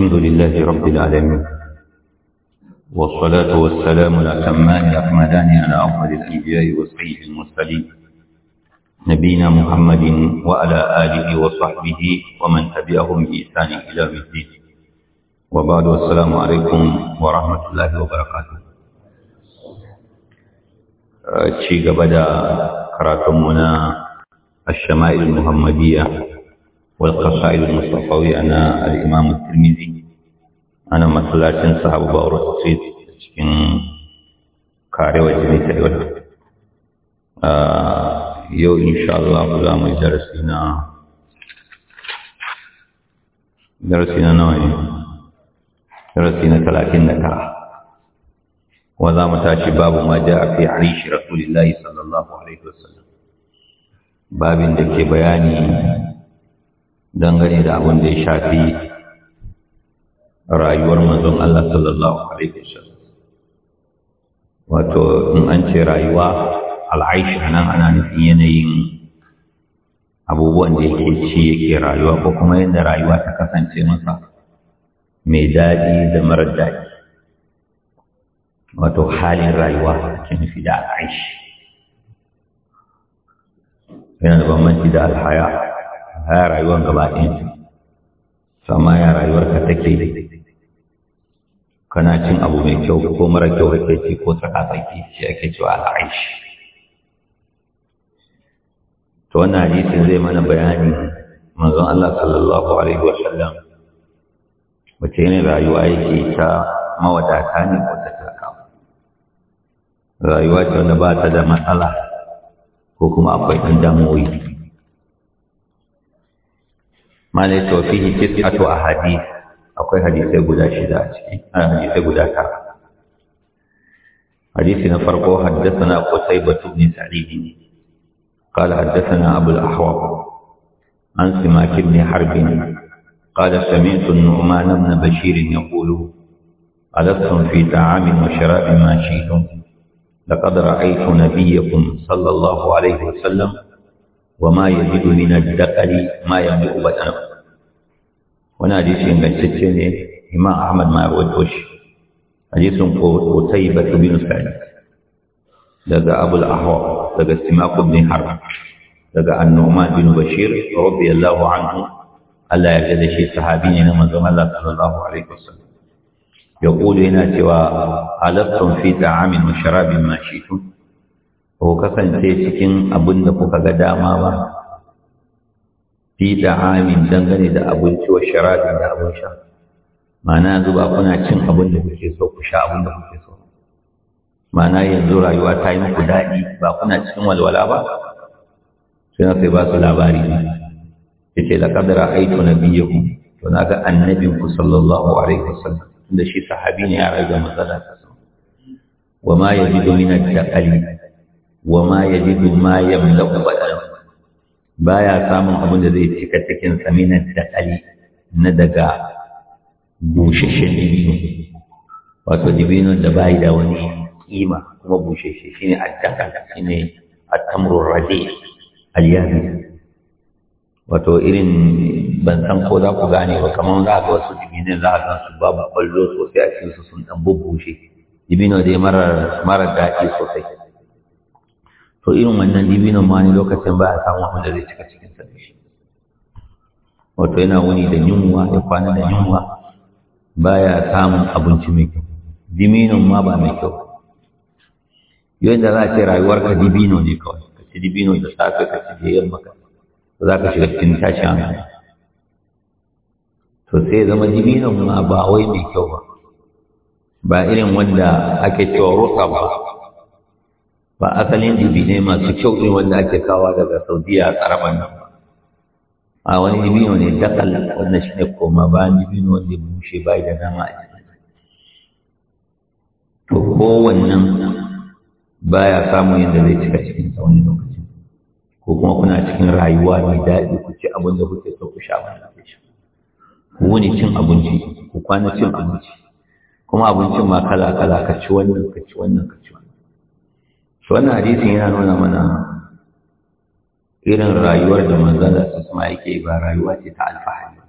الحمد لله رب العالمين والصلاة والسلام الأتمان الأكملان على أفضل الأنبياء وسيد المرسلين نبينا محمد وعلى آله وصحبه ومن تبعهم بإحسان إلى الدين وبعد والسلام عليكم ورحمة الله وبركاته شيء قبل كراتمنا الشمائل المحمدية والقصائد المصطفوي أنا الإمام الترمذي أنا مسلاتين صحاب بأورو سيد cikin kare wajen ita yau ah, yau insha Allah za mu darasi na darasi na nawa darasi na talatin da tara wa tashi babu ma ja fi arishi rasulillahi sallallahu alaihi wasallam babin da ke bayani dangane da abin da ya shafi rayuwar manzon Allah sallallahu alaihi wasallam wato in an ce rayuwa al'aish nan ana nufin yanayin abubuwan da yake ci yake rayuwa ko kuma yadda rayuwa ta kasance masa mai daɗi da mara daɗi wato halin rayuwa ke nufi da al'aish yana da bambanci da alhaya haya rayuwar gaba ɗayansu sama ya rayuwarka take kana cin abu mai kyau ko mara kyau da ce ko tsakatsaki shi ake cewa al'aish to wannan hadisin zai mana bayani manzon Allah sallallahu alaihi wa sallam wace ne rayuwa yake ta mawadata ne ko ta talakawa rayuwa ce wanda ba ta da matsala ko kuma akwai ɗan damuwoyi malai to fihi tis'atu ahadith akwai hadisai guda shida a ciki ana hadisai guda tara hadisi na farko haddathana qutaybah ibn sa'id قال حدثنا أبو الأحوال عن سماك بن حرب قال سمعت النعمان بن بشير يقول ألستم في طعام وشراب ما شئتم لقد رأيت نبيكم صلى الله عليه وسلم wa ma yajidu min ad-daqali ma yamliku batana wani hadisi ingantacce ne imam ahmad ma rawaito shi hadisin ko utayba bin sa'id daga abul ahwa daga simaq bin harb daga annoma, bin bashir radiyallahu anhu Allah ya gada shi sahabi ne na manzon Allah sallallahu alaihi wasallam yaqulu yana cewa alaftum fi ta'amin wa sharabin ma tun?' ko kasance cikin abin da kuka ga dama ba fi amin dangane da abinci wa sharadin da abin sha ma'ana yanzu ba kuna cin abin da kuke so ku sha abin da kuke so ma'ana yanzu rayuwa ta yi muku daɗi ba kuna cikin walwala ba sai na sai ba su labari ne. ya ce na ra'aitu ku? to na ga annabin ku sallallahu alaihi wasallam tunda shi sahabi ne ya rage matsala ta wa ma domin min ad-daqali wa ma yajidu ma yamlaku Ba ya samun abin da zai cika cikin saminan min na daga bushashen dibino wato dibino da bai da wani kima kuma bushashe shine addaka shi ne a radi rade yabis wato irin ban san ko za ku gane ba kamar za ga wasu dibinin za a su babu kwallo sosai a cikin su sun ɗan bubbushe dibino dai marar daɗi sosai to irin wannan dibinan ma ne lokacin ba a samu abin da zai cika cikin sa dashi wato yana wuni da yunwa ya kwana da yunwa baya samun abinci mai kyau dibinan ma ba mai kyau yadda za a ce rayuwarka dibino ne kawai ka ci dibino da safe ka ci jiyar maka ka za ka shiga cikin tashi hankali to sai zama dibinan ma ba wai mai kyau ba ba irin wanda ake cewa rusa ba ba asalin dibi ne masu kyau ne wanda ake kawo daga saudiya a karaban nan ba a wani jibi ne dakal wanda shi ne koma ba jibi ne wanda ya bushe bai da nama a cikin to kowannan ya samun yadda zai cika cikin sa wani lokacin ko kuma kuna cikin rayuwa mai daɗi ku ci abin da kuke so ku sha abin da kuke sha ku wuni cin abinci ku kwana cin abinci kuma abincin ma kala kala ka ci wannan ka ci wannan ka ci wannan hadisin yana nuna mana irin rayuwar da da su sama yake ba rayuwa ce ta alfahari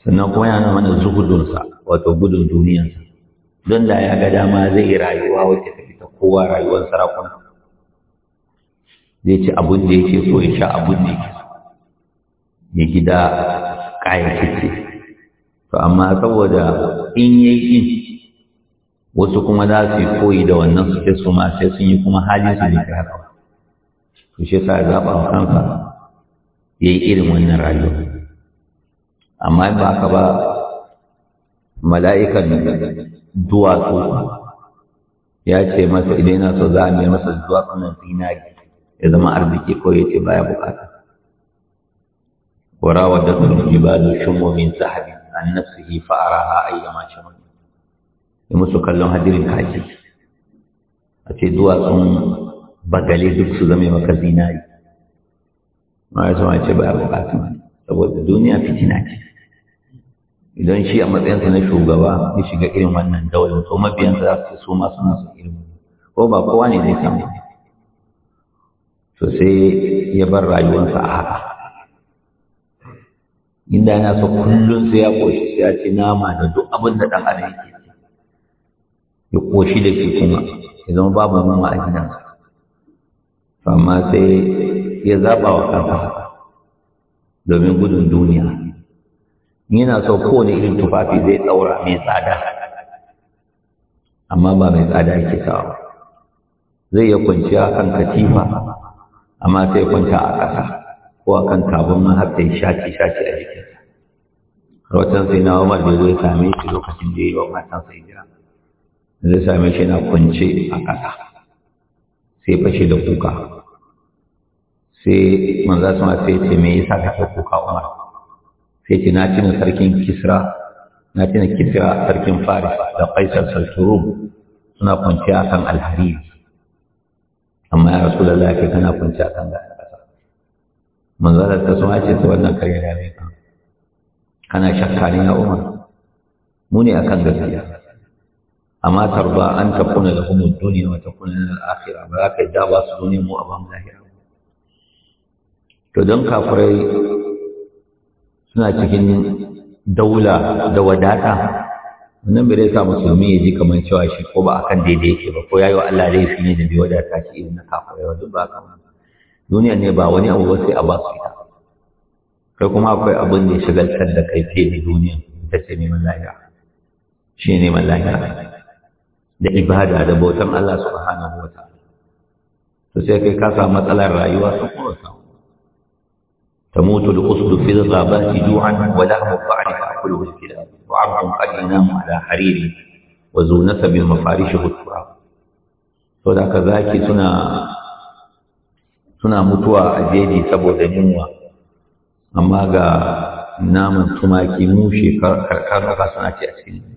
sannan kuma yana mana zuhudunsa wato gudun duniyarsa don da ya ga dama zai yi rayuwa wacce ta fita kowa rayuwar sarakuna zai ci abin da yake so ya sha abin da yake ya gida kayakacce to amma saboda in yi yi wasu kuma za su yi koyi da wannan suke su ma sai sun yi kuma hali su ne haka to shi yasa zaɓa wa kanka ya yi irin wannan rayuwa amma in ba ka ba mala'ikan duwatsu ya ce masa idan yana so za a mai masa duwatsu nan zinari ya zama arziki ko ya ce baya bukata وراودته الجبال شم من سحب عن نفسه فأراها أيما شمل ya musu kallon hadirin kaji a ce duwatsun bagale duk su zama maka zinari ma ya sama ce ba bukatu saboda duniya fitina ce idan shi a matsayinsa na shugaba ya shiga irin wannan daular to mabiyansa za su so masu masu ilimi ko ba kowa ne zai samu to sai ya bar rayuwarsa a haka inda yana so kullum sai ya koshi sai ya ce nama da duk abin da ɗan adam yake ya koshi da shi kuma ya zama babu mama a gidansa amma sai ya zaɓa wa kansa domin gudun duniya yana so kowane irin tufafi zai tsaura mai tsada amma ba mai tsada yake kawo zai iya kwanciya kan katifa amma sai kwanta a ƙasa ko a kan kabon mahaifa ya shaci shaci a jikinsa rahoton sai na umar da zo ya same shi lokacin da ya yi wa matan sai jira zai same shi na kwance a ƙasa sai fashe da kuka sai manza ma sai ce me yasa kake kuka umar sai ce na tuna sarkin kisra na tuna kisra sarkin faris da kaisar sarki suna kwanci a kan alhari amma ya rasu da lafi kana kwanci a kan ƙasa manza da ta suna ce su wannan karya da mai kana shakka ne ya umar mu ne kan gaskiya amma tarba an takuna lahum ad-dunya wa takuna lana al-akhirah ba za ka yi dawa su duniya mu amma lahira to don kafirai suna cikin daula da wadata wannan bai sa musulmi ya ji kamar cewa shi ko ba akan daidai yake ba ko yayi wa Allah laifi ne da bai wadata shi irin na kafirai wa duk ba kamar duniya ne ba wani abu ba sai a ba su ita kai kuma akwai abin da ya shigaltar da kai fiye da duniya ita ce neman lahira shi neman lahira da ibada da bautan Allah subhanahu wa ta’ala. To sai kai kasa matsalar rayuwa sun kuma ta. Ta mutu da ƙusu da fiye da ba su juhan wadda mu ba'ari ba a kula wasu gida, a da hariri wa zo na sabi mafari shi hutu da zaki suna suna mutuwa a jeji saboda yunwa, amma ga naman tumaki mu shekar karkar ba suna ce a cikin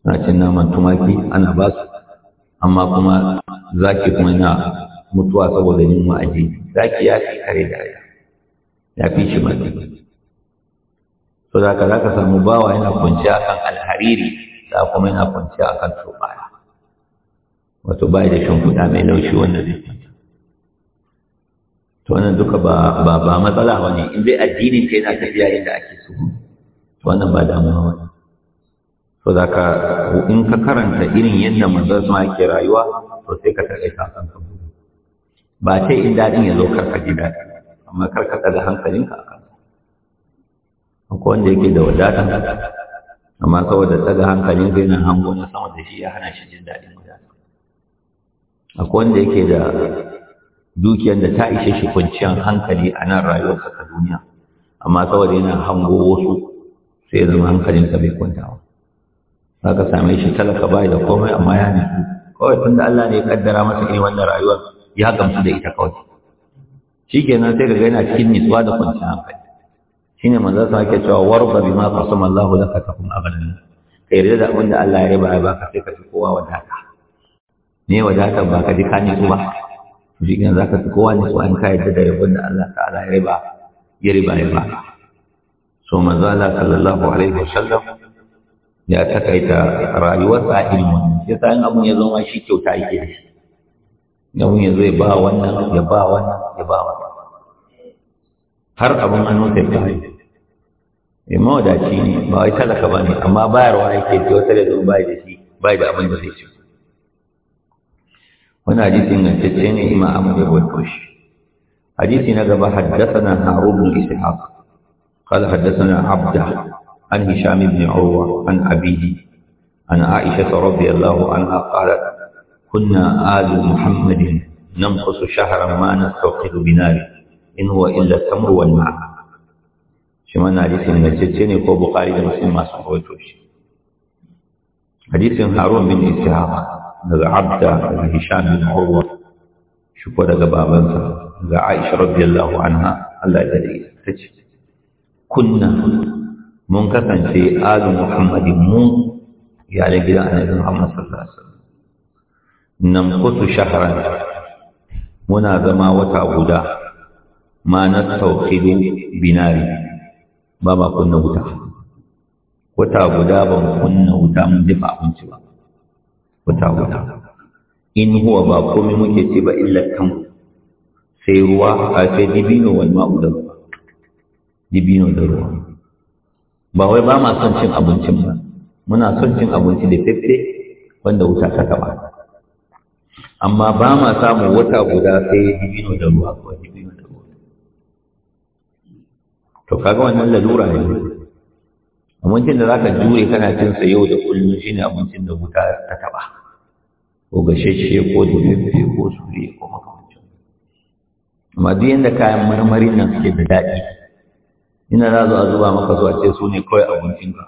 Na cin naman tumaki ana ba su amma kuma zaki kuma yana mutuwa saboda yin a zaki ya fi kare da aya ya fi shi mafi so da ka za ka samu bawa yana kwanciya akan alhariri da kuma yana kwanciya akan tsobaya wato ba da shimfiɗa mai laushi wanda zai kwanta to wannan duka ba ba matsala wani in dai addinin ka yana tafiya yadda ake so to wannan ba damuwa wani so da ka in ka karanta irin yadda manzon sama ke rayuwa to sai ka san kanka ba sai in daɗin ya zo karka ji daɗi amma karka ɗaga hankalinka a kansa ko wanda yake da wadata amma saboda ɗaga hankalinka yana hango na sama da shi ya hana shi jin daɗin wadata akwai wanda yake da dukiyar da ta ishe shi kwanciyar hankali a nan rayuwarsa ta duniya amma saboda yana hango wasu sai zama ka bai kwantawa za ka same shi talaka bai da komai amma ya ne kawai tun da Allah ne ya kaddara masa irin wannan rayuwar ya gamsu da ita kawai shi kenan sai ka ga yana cikin nitsuwa da kwanciyar hankali ne manzon sa ake cewa warda bima qasama Allahu laka takum abadan ka yarda da abin da Allah ya yi ba'a ba baka sai ka fi kowa wadata ne wadata ba ka ji ka nitsu ba shi kenan za ka fi kowa nitsu an ka yarda da abin da Allah ta'ala ya ba ya riba ya ba. so manzon Allah sallallahu alaihi sallam ya takaita rayuwarsa a ilmin ya sa in abun ya zama shi kyauta yake da shi abun ya ya ba wannan ya ba wannan ya ba wannan har abun an wuce ta hanyar ya eh, mawadaci ne ba wai talaka ba ne amma bayarwa yake ce wata da zo bai da shi bai da abin da zai ci wani hadisi ingantacce ne ima abu da wato shi hadisi na gaba haddasa na harun ishaq Haddasa na عبده عن هشام بن عروة عن أبيه عن عائشة رضي الله عنها قالت كنا آل محمد ننقص شهرا ما نستوقد بنار إن هو إلا التمر والماء شما نعرف أن الجتين هو بخاري مسلم ما سمعتوش حديث هارون بن إسحاق عبد هشام بن عروة شكرا بابنسا عائشة رضي الله عنها الله يدري كنا mun kasance alu muhammadin mu yaran gidan annabi muhammad sallallahu alaihi wasallam namqutu shahran muna zama wata guda ma na nastawqidu binari ba ma kunna wuta wata guda ba mu kunna wuta mun dafa abinci ba wata guda in huwa ba komai muke ce ba illa kan sai ruwa a sai dibino wal ma'u da ruwa dibino da ruwa ba wai ba ma son cin abincin ba muna son cin abinci da fefe wanda wuta ta taba amma ba ma samun wata guda sai dibino da ruwa ko dibino da ruwa to kaga wannan lalura ne abincin da zaka jure kana cin sa yau da kullum shine abincin da wuta ta taba ko gasheshe ko dibino ko suri ko makamancin amma duk yanda kayan marmarin nan suke da daɗi ina na zo a zuba maka zuwa ce su ne kawai abincinka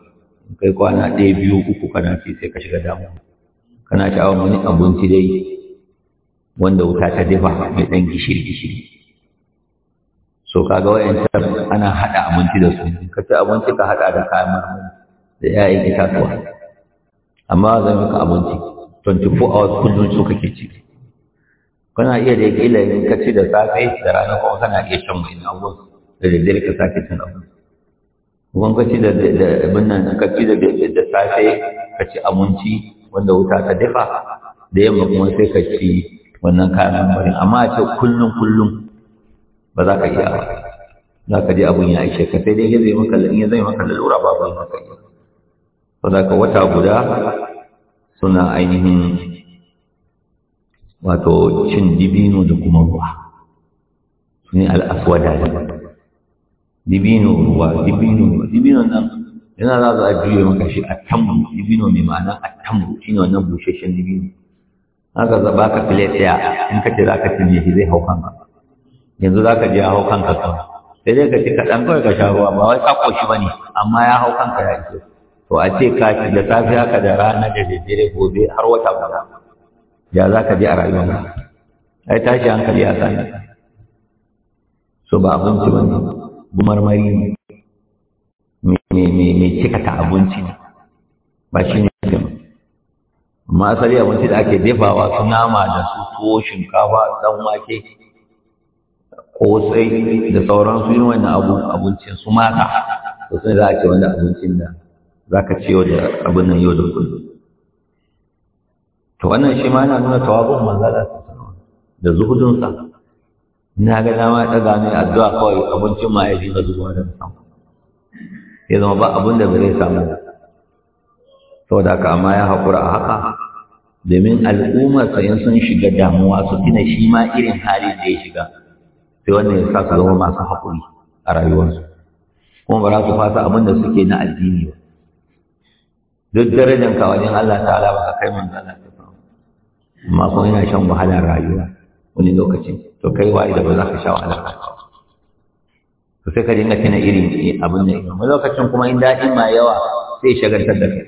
kai kwana ɗaya biyu uku kana ci sai ka shiga damu kana sha'awar wani abinci dai wanda wuta ta dafa mai ɗan gishiri gishiri so kaga wayancan ana haɗa abinci da su ka ci abinci ka haɗa da kayan marmari da 'ya'yan itatuwa amma zan maka abinci 24 hours kullum su kake ci kana iya da ya ƙila ka ci da safe da rana kuma kana iya shan wani abubuwan da daddare ka sake cin abu kuma kaci da abin nan ka ci da da safe ka ci abinci wanda wuta ta dafa da yamma kuma sai ka ci wannan kayan marmarin amma a ce kullum kullum ba za ka iya ba za ka je abun ya ishe ka sai dai ya zai maka in zai maka lalura ba ba maka iya ba za ka wata guda suna ainihin wato cin dibino da kuma ruwa su ne al'aswada ne dibino ruwa dibino ruwa dibino nan yana za a juye maka shi a tamu dibino mai ma'ana a tamu shi ne wannan busheshen dibino haka za ba ka file ɗaya in ka ce za ka cinye shi zai hau kanka yanzu za ka je ya hau kanka kan sai dai ka ce ka ɗan kawai ka sha ruwa ba wai ka ƙoshi ba ne amma ya hau kanka ya iso to a ce ka ci da safe haka da rana da daddare gobe har wata guda ya za ka je a rayuwarka ai tashi hankali a sani so ba abinci ba ne marmari mai cikata abinci ba shi ne amma asali abinci da ake dafawa su nama da su tuwo shinkafa dan wake sai da sauran su yin wani abu abincin su mata to sun za a ce wani abincin da za ka ce da abin nan yau da kullum to wannan shi ma yana nuna tawabin manzala da zuhudunsa Na ga dama ya ɗaga ne addu'a kawai abincin ma ya dinga zuwa da samu ya zama ba abin da zai samu saboda ka amma ya haƙura a haka domin al'ummar sayan sun shiga damuwa su gina shi ma irin halin da ya shiga sai wannan ya sa su zama masu haƙuri a rayuwarsu kuma ba za su fasa abin da suke na addini ba duk darajar ka wajen Allah ta'ala ba ka kai manzo Allah ta amma kuma yana shan wahalar rayuwa wani lokacin to kai waye da ba za ka sha wahala to sai ka dinga tana irin abin da wani lokacin kuma in daɗin ma yawa sai shagaltar da kai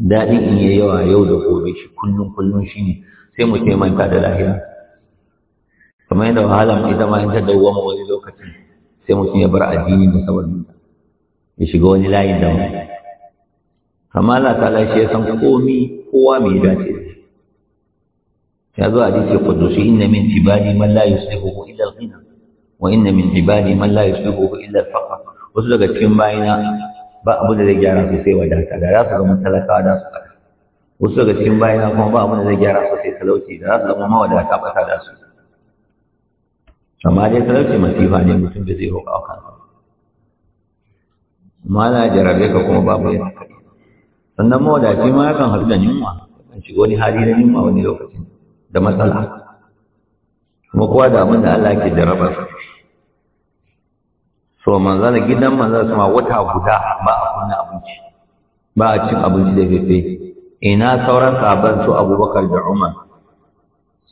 daɗin in yi yawa yau da gobe shi kullum kullum shi ne sai mu manta da lahira kamar yadda wahala mai zama in ta mu wani lokacin sai mutum ya bar addini da saboda ya shiga wani layin da amma Allah ta lashe ya san komi kowa mai dace da ya zo hadisi qudusi inna min ibadi man la yuslihu illa al-ghina wa inna min ibadi man la yuslihu illa al-faqr wasu daga cikin bayina ba abu da zai gyara su sai wadata da za su zama talakawa da su kada wasu daga cikin bayina kuma ba abu da zai gyara su sai talauci da za su zama wadata ba da su amma dai talauci masifa ne mutum da zai roƙa kansa ma na jarabe ka kuma babu ya sannan mawadaci ma yakan haɗu da yunwa kan shiga wani hali na yunwa wani lokacin da matsala kuma kowa da abin da Allah ke jarabar so da gidan manzana sama wata guda ba a kunna abinci ba a cin abinci da fefe ina sauran sahabban su abubakar da umar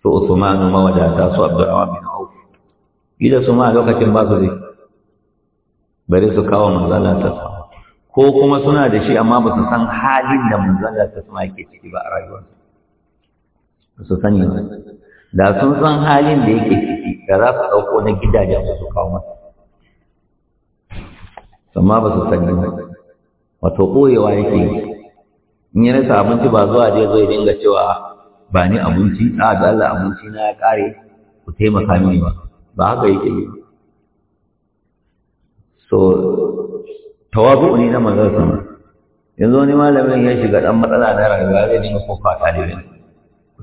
su usmanu mawadata su abdurrahman bin auf gida su ma lokacin ba su dai bari su kawo manzala ta ko kuma suna da shi amma ba su san halin da manzala ta sama yake ciki ba a rayuwarsa su sani da sun san halin da yake ciki da za su ɗauko na gidajen su su kawo masa amma ba su sani ba wato ɓoyewa yake in ya rasa abinci ba zuwa je zai dinga cewa ba ni abinci a da Allah abinci na ya ƙare ku taimaka mini ba ba haka yake yi so tawazu ne na manzon sama yanzu wani malamin ya shiga dan matsala na rayuwa zai dinga kofa ɗalibin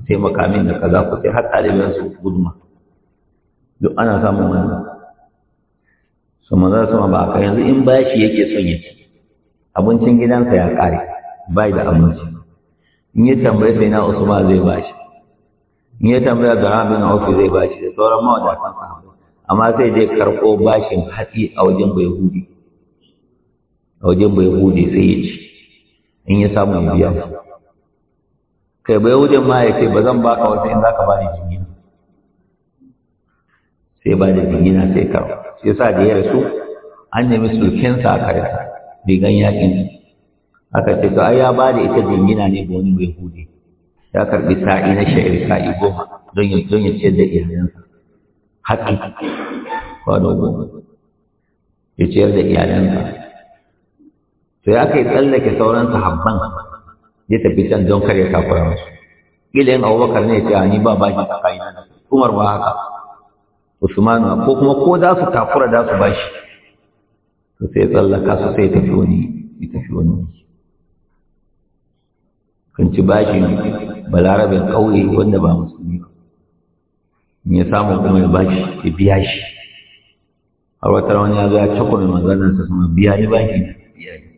sai taimaka min da kaza ku sai har ɗaliban su guduma duk ana samun wannan su maza su ma ba ka yanzu in bashi yake son ya ci abincin gidansa ya ƙare bai da abinci in ya tambaye sai na usman zai bashi in ya tambaya da na ofi zai bashi da sauran mawadatan sahabbai amma sai dai karɓo bashin hatsi a wajen bai hudi a wajen bai hudi sai ya ci in ya samu biya kai bai wujen ma ya ce ba zan baka wata in zaka ni jingina sai ba da jingina sai ka sai yasa da ya rasu an nemi sulkensa a bai rigan yakin aka ce to ai ya ba da ita jingina ne ga wani yahudi ya karɓi sa'i na sha'ir sa'i goma don ya don ya ciyar da iyalansa haƙƙi kwano goma ya ciyar da iyalansa to ya kai tsallake sauran sahabban ya tafi can don kare ya takura ƙila yin abubakar ne ce ni ba baki a kayi umar ba haka usmanu ko kuma ko za su takura za su bashi to sai tsallaka su sai tafi wani ya tafi wani kan ci bashi balarabin ƙauye wanda ba musulmi ba ya samu kuma ya bashi ya biya shi har wata wani ya zai ya mai maganar sa sama biya ni baki biya ni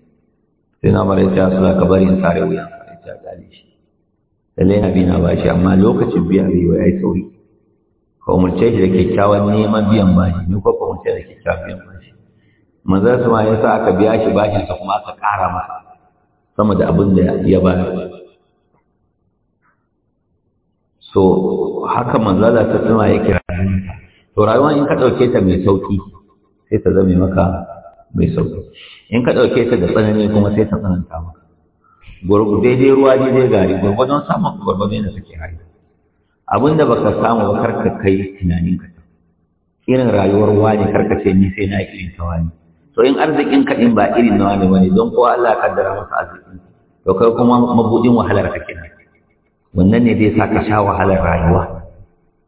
sai na mara ya ce su za ka bari in sare wuyansa ce a shi lallai na biyan na bashi amma lokacin biya bai wa ya yi sauri ka umarce shi da kyakkyawan neman biyan bashi ni ko ka umarce da kyakkyawan biyan bashi manzon su ma ya sa aka biya shi bashinsa kuma aka ƙara masa sama da abin da ya bayar so haka da ta suna ya kira to rayuwa in ka ɗauke ta mai sauƙi sai ta zame maka mai sauƙi in ka ɗauke ta da tsanani kuma sai ta tsananta maka daidai ruwa daidai gari gwargwadon samun gwargwadon da suke hari abin da baka samu ba karka kai tunanin ka irin rayuwar wani karka ce ni sai na irin ta wani to in arzikin ka din ba irin na wani bane don ko Allah ya kaddara masa arzikin to kai kuma mabudin wahalar ka kenan wannan ne zai sa ka sha wahalar rayuwa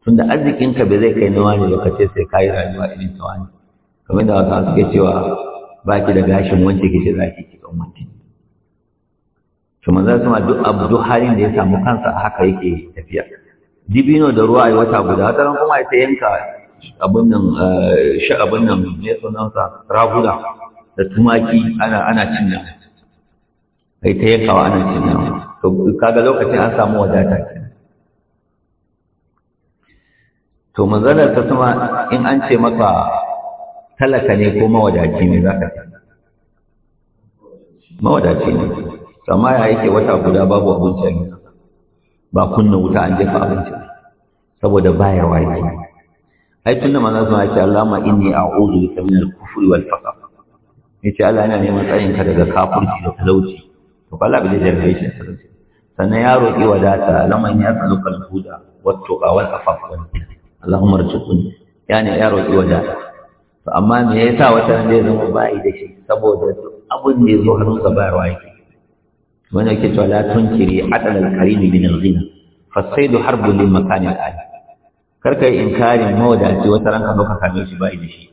tunda arzikin ka bai zai kai na wani ba kace sai kai rayuwa irin ta wani kamar da wasu suke cewa baki da gashin wanda kike zaki ki kan wanda to manzo ma duk abdu halin da ya samu kansa a haka yake tafiya dibino da ruwa ai wata guda wata ran kuma ya yanka abun nan eh, shi abun nan ne sa raguna da tumaki ana ana nan, ai ta wa ana nan. to kaga lokacin an samu wadata to manzalar ta sama in an ce maka talaka ne ko mawadaci ne zaka mawadaci ne amma ya yake wata guda babu abinci a gida ba kunna wuta an jefa abinci saboda baya waye ai tunda manzo sun ce Allahumma inni a'udhu bika min al-kufri wal faqr yace Allah ina neman tsayin ka daga kafirci da talauci to Allah bai jarrabe shi talauci sannan ya roki wadata laman ya tsaluka al-huda wat tuqa wal afaf Allahumma rzuqni yani ya roki wadata to amma me yasa wata ne zama bai da shi saboda abin da yazo hannunsa bayarwa yake wanda yake cewa la tunkiri adal al-karim bin al-ghina fasaidu harbun lil makan al-ali karka yi inkarin mawadaci wata ranka doka kame shi ba idishi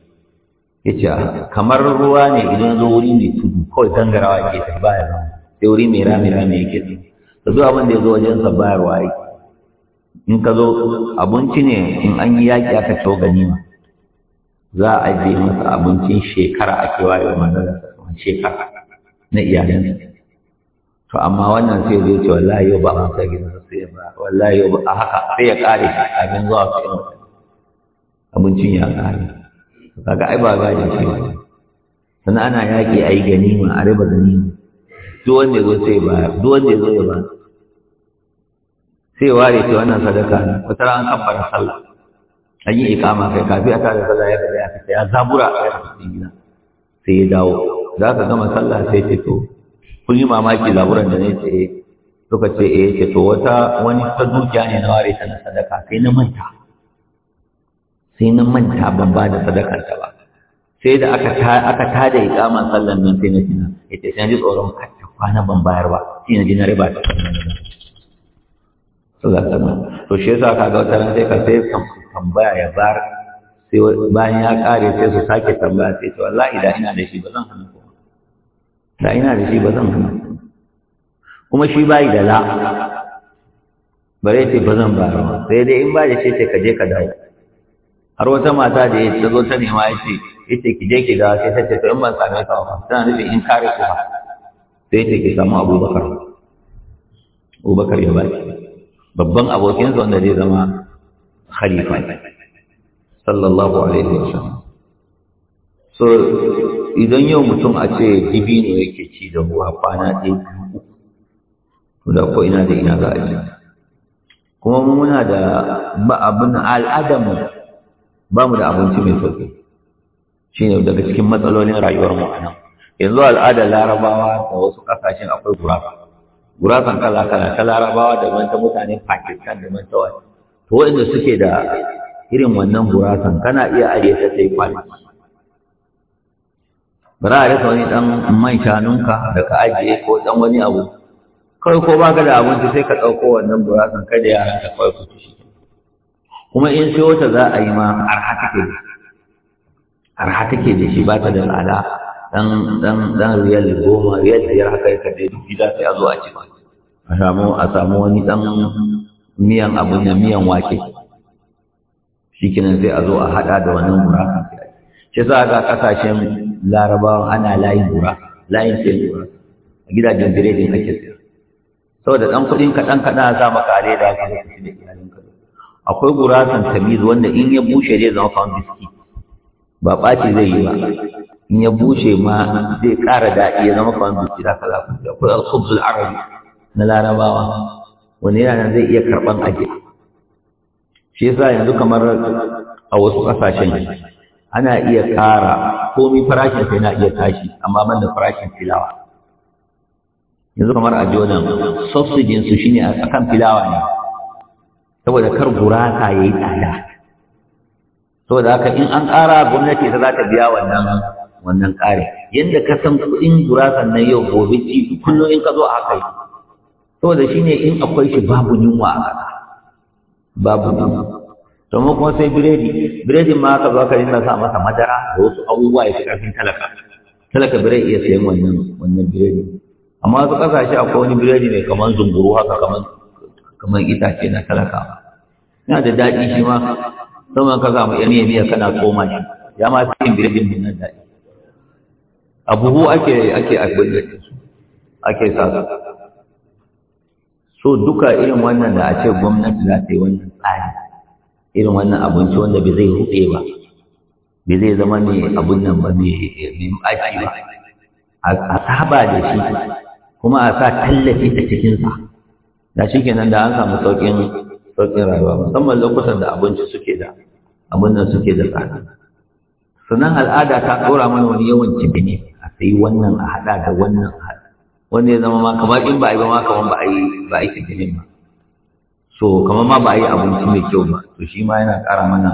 shi yace ah, kamar ruwa ne idan zo wuri mai tudu kawai gangarawa yake ta baya zama sai wuri mai rami rami yake ta da zuwa abin da ya zo wajen sa bayarwa yake in ka zo abinci ne in an yi yaƙi aka ciwo ganima za a je masa abincin shekara ake kewaye wa manzara shekara na iyalinsa to amma wannan sai zai ce wallahi yau ba a masa gidan sai ba wallahi yau a haka sai ya kare abin zuwa su yin abincin ya kare kaga ai ba ya ce ba sana ana yaƙi a yi ganima a riba ganima duk wanda ya zo sai ba duk wanda ya zo ya ba sai ware ce wannan sadaka ne wata ran kabbar sallah an yi ikama kai kafi a tare sallah ya ga ya fita ya zabura a cikin gida sai ya dawo za ka gama sallah sai ce to kun yi mamaki laburan da ne ce suka ce eh ce to wata wani ta dukiya ne na ware ta na sadaka sai na manta sai na manta ban ba da sadakar ta ba sai da aka ta aka ta da iqaman sallan nan sai na tina ita sai ji tsoron kacce kwana ban bayar ba sai na ji na riba ta sallan nan to shi yasa ga wata ran sai ka sai tambaya ya bar sai bayan ya kare sai su sake tambaya sai to wallahi da ina da shi ba zan hana ko da ina da shi ba zan ba kuma shi bai da la bare ce ba zan ba sai dai in ba da shi ce ka je ka dawo har wata mata da ya ta zo ta nema ya ce ita ki je ki dawo sai ta ce to in ban same ka ba tana nufin in kare ku ba sai ta ki samu abubakar abubakar ya baki babban abokinsa wanda zai zama khalifa sallallahu alaihi wasallam so idan yau mutum a ce dibino yake ci da ruwa kwana ɗaya biyu uku to da ko ina da ina za a je kuma mu muna da ba abin al'adamu ba mu da abinci mai sauƙi ne daga cikin matsalolin rayuwar mu anan yanzu al'adar larabawa da wasu ƙasashen akwai gurafa, gurafan kala kala ta larabawa daban ta mutanen pakistan daban ta wani to waɗanda suke da irin wannan gurasan kana iya ajiye ta sai kwanaki bara a rasa wani ɗan man shanunka da ka ajiye ko ɗan wani abu kawai ko baka da abinci sai ka ɗauko wannan burasan kada yaran ka kawai ku ci kuma in siyo ta za a yi ma arha take da arha take da shi ba ta da al'ada dan dan dan riyal goma riyal biyar haka ya kaɗai duk gida sai a zo a ci ba. a samu a samu wani ɗan miyan abu ne miyan wake shi kenan sai a zo a haɗa da wannan burasan sai a ci shi sa ga ƙasashen larabawa ana layin lura layin sai lura a gidajen biredin na kisa saboda ɗan kuɗin kaɗan kaɗan a sa maka a leda ka da kuɗi da iyalinka akwai gurasan tamiz wanda in ya bushe zai zama fan biski ba ɓaci zai yi ba in ya bushe ma zai ƙara daɗi ya zama fan biski da ka zafi akwai alkhubzul arabi na larabawa Wani yana nan zai iya karɓan aje shi yasa yanzu kamar a wasu ƙasashen ana iya ƙara komai farashin sai na iya tashi amma ban da farashin filawa yanzu kamar a jonan sausajin su shine a kan filawa ne saboda kar gurasa yayi tsada saboda haka in an ƙara gwamnati ta za ta biya wannan wannan ƙari. yadda ka san kuɗin gurasan na yau gobe ci kullum in ka zo a haka saboda shine in akwai shi babu yunwa a ƙasa babu to mu kuma sai biredi biredin ma ka zo ka rinna sa masa madara da wasu abubuwa ya fi ƙarfin talaka talaka bire iya sayan wannan wannan biredi amma wasu ƙasashe akwai wani biredi mai kamar zunguru haka kamar kamar itace na talaka yana da daɗi shi ma saman ka samu yan miya kana koma shi ya ma fi yin biredin mai nan daɗi a buhu ake ake abin ake sa su so duka irin wannan da a ce gwamnati za ta yi wannan tsari irin wannan abinci wanda bai zai ruɗe ba bai zai zama ne abin nan ba ne aji ba a saba da shi kuma a sa tallafi a cikinsa da shi kenan da an samu sauƙin saukin rayuwa musamman lokutan da abinci suke da abin nan suke da tsada sannan al'ada ta ɗora mana wani yawan cibini a sai wannan a haɗa da wannan a wanda ya zama ma kamar in ba a yi ba ma kamar ba a yi ba a yi cibinin ba to kamar ma ba a yi abinci mai kyau ba to shi ma yana ƙara mana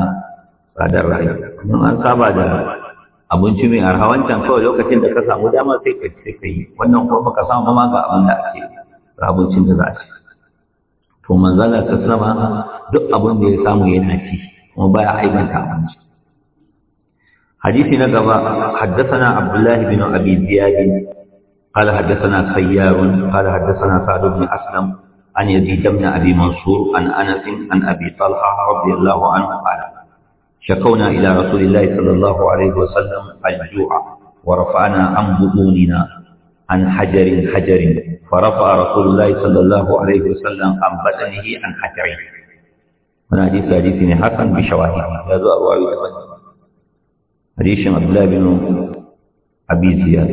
tsadar rayuwa kuma an saba da abinci mai arha wancan kawai lokacin da ka samu dama sai ka sai ka yi wannan kuma baka samu ma ga abin da ake ga abincin da za a ci to manzala ta sama duk abin da ya samu yana ci kuma baya aibanta abinci حديث نقبة حدثنا عبد الله بن أبي زياد قال حدثنا سيار قال حدثنا سعد بن أسلم عن يزيد بن أبي منصور عن أنس عن أبي طلحة رضي الله عنه قال شكونا إلى رسول الله صلى الله عليه وسلم الجوع ورفعنا عن بطوننا عن حجر حجر فرفع رسول الله صلى الله عليه وسلم عن بدنه عن حجر من حديث حديث حسن بشواهد هذا أرواعي حديث عبد الله بن أبي زياد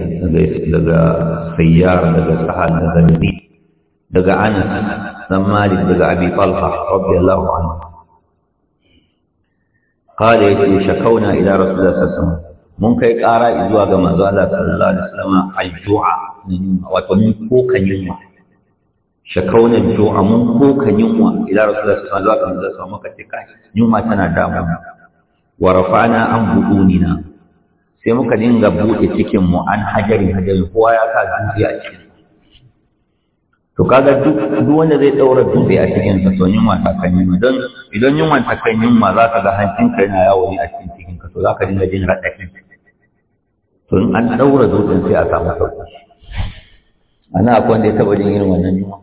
لدى سيار لدى سهل لدى daga Anas dan Malik daga Abi Talha radiyallahu anhu قال يتي شكونا إلى رسول الله صلى الله عليه وسلم mun kai ƙara zuwa ga manzo Allah sallallahu alaihi wasallam al-du'a wato mun kokan yunwa shakauna du'a mun ko kokan yunwa ila rasulullahi sallallahu alaihi wasallam muka ce kai yunwa tana damu wa rafa'na an budunina sai muka dinga buɗe cikin mu an hajari hajari kowa ya sa zuciya cikin to kaga duk duk wanda zai daura dutse a cikin ka to yin ta kan yunwa don idan yin ta kan za ka ga hancin ka yana yawo ne a cikin cikin ka to za ka dinga jin raɗaɗi to in an daura dutsen sai a samu sauki ana akwai wanda ya taɓa jin irin wannan yunwa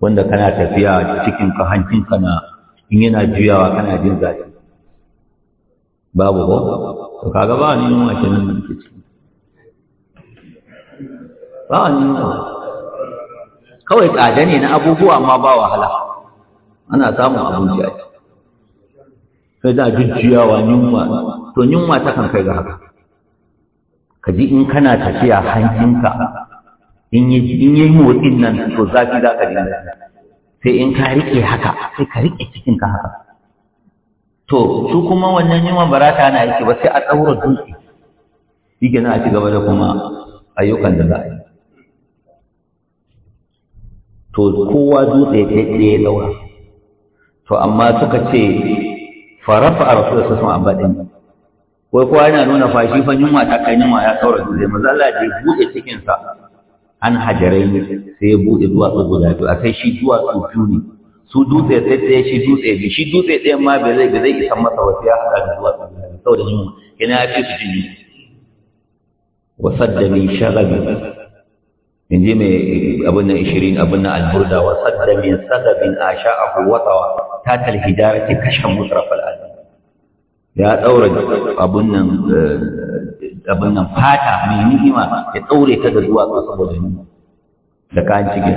wanda kana tafiya cikin ka hancin ka na in yana juyawa kana jin zafi babu ba to kaga ba ni yunwa kenan da ke ciki ba ni yunwa kawai tsada ne na abubuwa ma ba wahala ana samun abinci a ciki sai da jujjuyawa yunwa to yunwa ta kan kai ga haka ka ji in kana tafiya hankinka in yi motsin nan to zafi za ka dinga sai in ka riƙe haka sai ka riƙe cikinka haka to su kuma wannan yunwa ba za ta hana yake ba sai a tsaura dutse shi na a ci gaba da kuma ayyukan da za a yi to kowa dutse ɗaya ya daura to amma suka ce farafa a rasu da sun ambaɗin wai kowa yana nuna fashi fa yunwa ta kan yunwa ya saura dutse maza Allah da ya buɗe cikinsa an hajarai sai ya buɗe duwatsu guda biyu a sai shi duwatsu biyu ne su dutse ta ɗaya shi dutse biyu shi dutse ɗayan ma bai zai zai isan masa wasu ya hada da duwatsu guda biyu saboda yunwa kina ya fi su jini wa min shagabi in ji mai abin nan ishirin abin nan alburda wa sadda min sadabin a sha'ahu watsawa ta talhidara ce kashen musrafal adam ya ɗaura abin nan eh, abin nan fata mai ni'ima ya ɗaure ta da duwatsu saboda ni da kayan cikin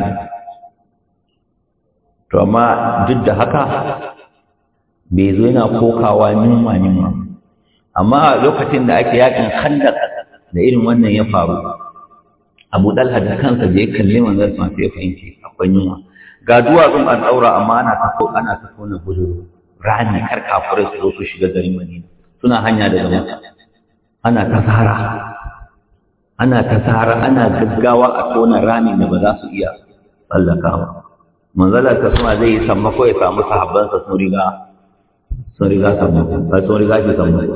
to amma duk da haka bai zo yana kokawa nima nima amma lokacin da ake yakin khandaq da irin wannan ya faru abu dalha da kansa da ya kalli manzon sa sai ya fahimci akwai yunwa ga duwatsun an aura amma ana ta ko ana ta na bujuru rani kar kafirai su zo su shiga garin madina suna hanya da zama ana ta sahara ana ta sahara ana gaggawa a tona rami da ba za su iya tsallakawa manzala ta suna zai yi sammako ya samu sahabbansa sun riga sun riga sammako ba sun riga shi sammako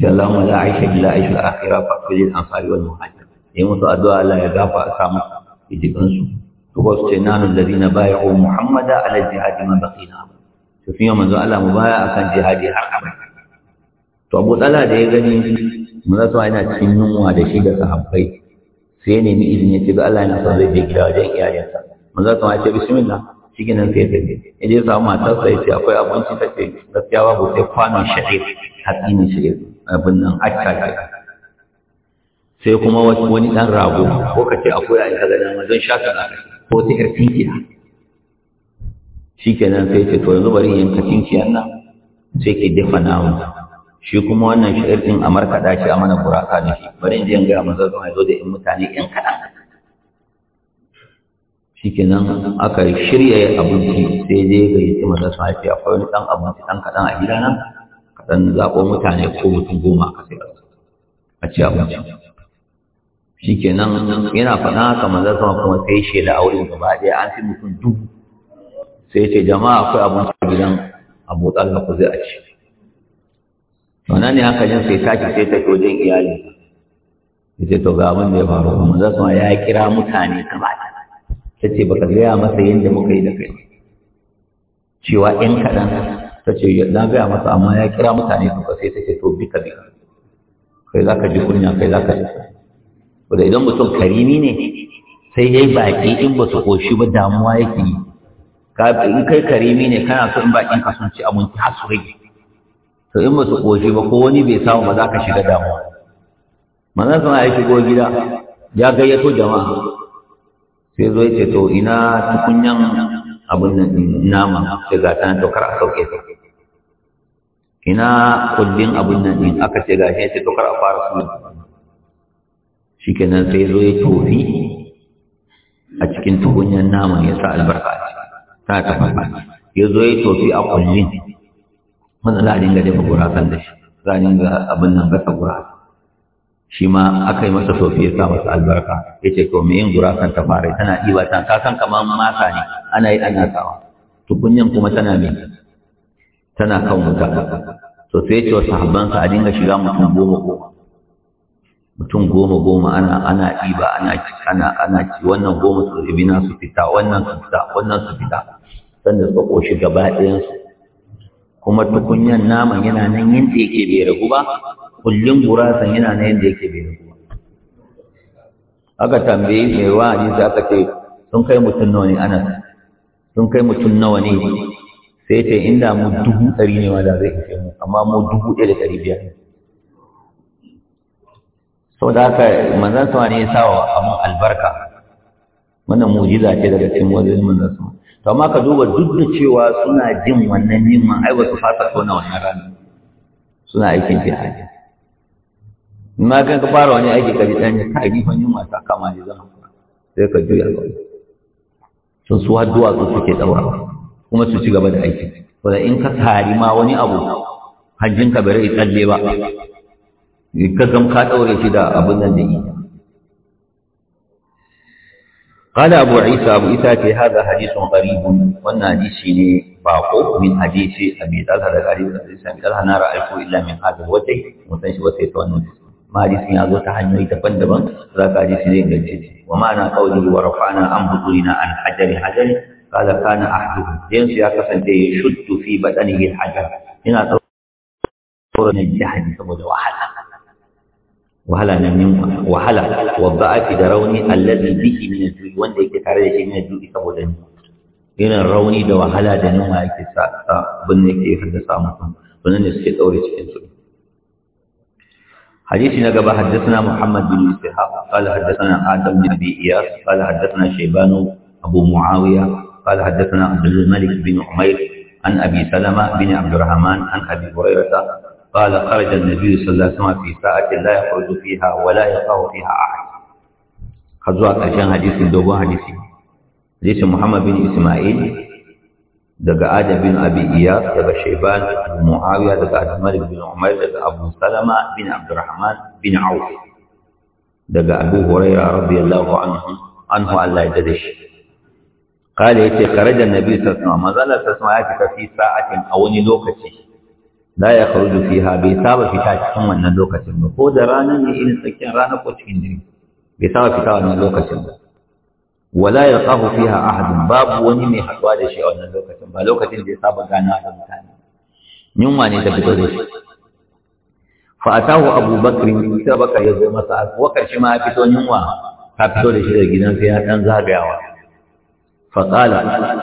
ya Allah mu la aisha illa aisha al-akhirah fa kulli al-ansari wal muhajirin yi musu addu'a Allah ya gafa a samu ijikansu to ba su ce nanun nanu ladina bay'u muhammada ala jihadi ma baqina to sun yi manzo Allah mu baya akan jihadi har abada to Abu Talha da ya gani manzo sa yana cikin yunwa da shi da sahabbai sai ya nemi izini ya ce ga Allah yana son zai je gida wajen iyayensa manzo sa ya ce bismillah cikin nan sai ya tafi ya je samu matarsa ya ce akwai abinci ta ce gaskiya babu sai kwanon sha'ir hatsi ne sha'ir abin nan acca sai kuma wani ɗan rago ko ka ce akwai a yi kaga dama don shaka na ko ta yar tinkiya shi kenan sai ce to yanzu bari yanka tinkiyar nan sai ke dafa namu. shi kuma wannan shirin ɗin a markaɗa shi a mana buraka da shi bari in je in gaya manzon zuwa yanzu da in mutane ƴan kaɗan shi kenan aka shirya abinci sai dai ga yi ta da sashi akwai wani ɗan abinci ɗan kaɗan a gida nan kaɗan zaɓo mutane ko mutum goma a kasai a ci abinci shikenan yana faɗa haka manzon sama kuma sai shela aure, gaba ɗaya an fi mutum dubu sai ce jama'a akwai abun a gidan Abu Talha ku zai a ci wannan ne jin sai tashi sai ta wajen iyali yace to ga abin da ya faru manzon sama ya kira mutane gaba ɗaya ta ce baka gaya masa yadda muka yi da kai cewa in kaɗan ta ce na gaya masa amma ya kira mutane suka sai ta ce to bi ka bi kai za ka ji kunya kai za ka wanda idan mutum karimi ne sai ya yi baƙi in ba su ƙoshi ba damuwa yake yi in kai karimi ne kana so in baƙin ka sun ci abinci har su rage to in ba su ƙoshi ba ko wani bai samu ba za ka shiga damuwa manzon sana ya shigo gida ya gayyato jama'a sai zo ce to ina tukunyan abin nan nama sai ga ta to kar a sauke ta ina kullin abin nan aka ce gashi ya ce to kar a fara sunan shi kenan sai zo ya tofi a cikin tukunyar naman ya sa albarka ta tafafa ya zo ya tofi a kullum wanda za a dinga dafa gurasan da shi za a dinga abin nan gasa gurasa shi ma aka yi masa tofi ya sa masa albarka ya ce to me yin gurasan ta fara tana ɗiba ta kasan kamar masa ne ana yi ana sawa tukunyan kuma tana me tana kan wuta to sai ya ce wa sahabbansa a dinga shiga mutum goma goma mutum goma goma ana ana ɗiba ana ana ana ci wannan goma su na su fita wannan su fita wannan su fita sanda suka shi gaba ɗayansu kuma tukunyan naman yana nan yadda yake bai ragu ba kullum gurasan yana nan yadda yake bai ragu ba aka tambayi mai a sai aka ce sun kai mutum nawa ne anas sun kai mutum nawa ne sai ce inda mu dubu ɗari ne ma da zai ishe mu amma mu dubu ɗaya da ɗari biyar ne Sau da haka manzan sama ne ya sa wa abun albarka wannan mu'jiza ce daga cikin wajen manzan sama to amma ka duba duk da cewa suna jin wannan yimman ai ba su fasa tona wannan rana suna aikin jihadi ma kan ka fara wani aiki ka ji dan ka yi wani masa kama ne zama sai ka juya ga sun suwa duwatsu suke daura kuma su ci gaba da aiki wanda in ka tari ma wani abu hajjinka bare ya tsalle ba ka kam ka ɗaure shi da abin nan da ita قال أبو عيسى أبو عيسى في هذا حديث غريب وأن حديث لي باقو من حديث أبي طلحة غريب حديث أبي طلحة لا رأيته إلا من هذا الوتي وتنشي وتيت ما حديث يازو تحني يتقدم ذاك حديث زين جديد ومعنى قوله ورفعنا عن بطوننا عن حجر حجر قال كان أحده جنس سياق سنتي يشد في بدنه الحجر هنا تقول الجحد سبب وحلق wahala na min wahala wa ba'ati da rauni allazi bihi min jui wanda yake tare da shi min al saboda ni rauni da wahala da nan yake sa abin da yake haddasa mutum wannan ne suke daure cikin su حديث نقب حدثنا محمد بن إسحاق قال حدثنا آدم بن أبي إياس قال حدثنا شيبان أبو معاوية قال حدثنا عبد الملك بن عمير عن أبي سلمة بن عبد الرحمن عن أبي قال خرج النبي صلى الله عليه وسلم في ساعة لا يخرج فيها ولا يقع فيها أحد خذوا كشان حديث دوغو حديث حديث محمد بن إسماعيل دقى آدم بن أبي إياس دقى شيبان بن معاوية دقى عبد الملك بن عمر دقى أبو سلمة بن عبد الرحمن بن عوف دقى أبو هريرة رضي الله عنه عنه الله يددش قال يتي خرج النبي صلى الله عليه وسلم ما زال تسمعات في ساعة أو نلوكتي la ya kharuju fiha bai saba fita cikin wannan lokacin ba ko da ranar ne irin tsakiyar rana ko cikin dare bai saba fita wannan lokacin ba wala ya tsahu fiha ahadun babu wani mai haɗuwa da shi a wannan lokacin ba lokacin da ya saba gana da mutane yunwa ne ta fito da shi fa atahu abu bakr sai bakar ya zo masa wa karshe ma ya fito yunwa ka fito da shi daga gidan sai ya dan zagayawa fa qala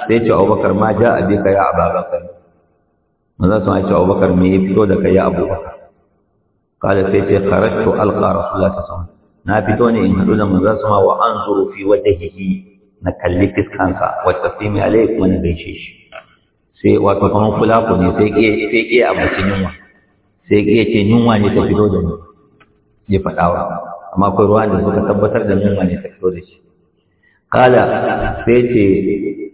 sai ce abubakar ma ja'a bika ya ababakar Maza sun ce Abubakar me ya fito da kai ya Abubakar kada sai ce kharajtu alqa ta sallallahu na fito ne in hadu da manzo sama wa anzuru fi wajhihi na kalli fiskansa wa taslimi alayhi kuma na gaishe shi sai wato kamar kula ne sai ke sai ke abincin yunwa sai ke ce yunwa ne ta fito da ni ya faɗawa amma akwai ruwan da suka tabbatar da yunwa ne ta fito da shi kala sai ce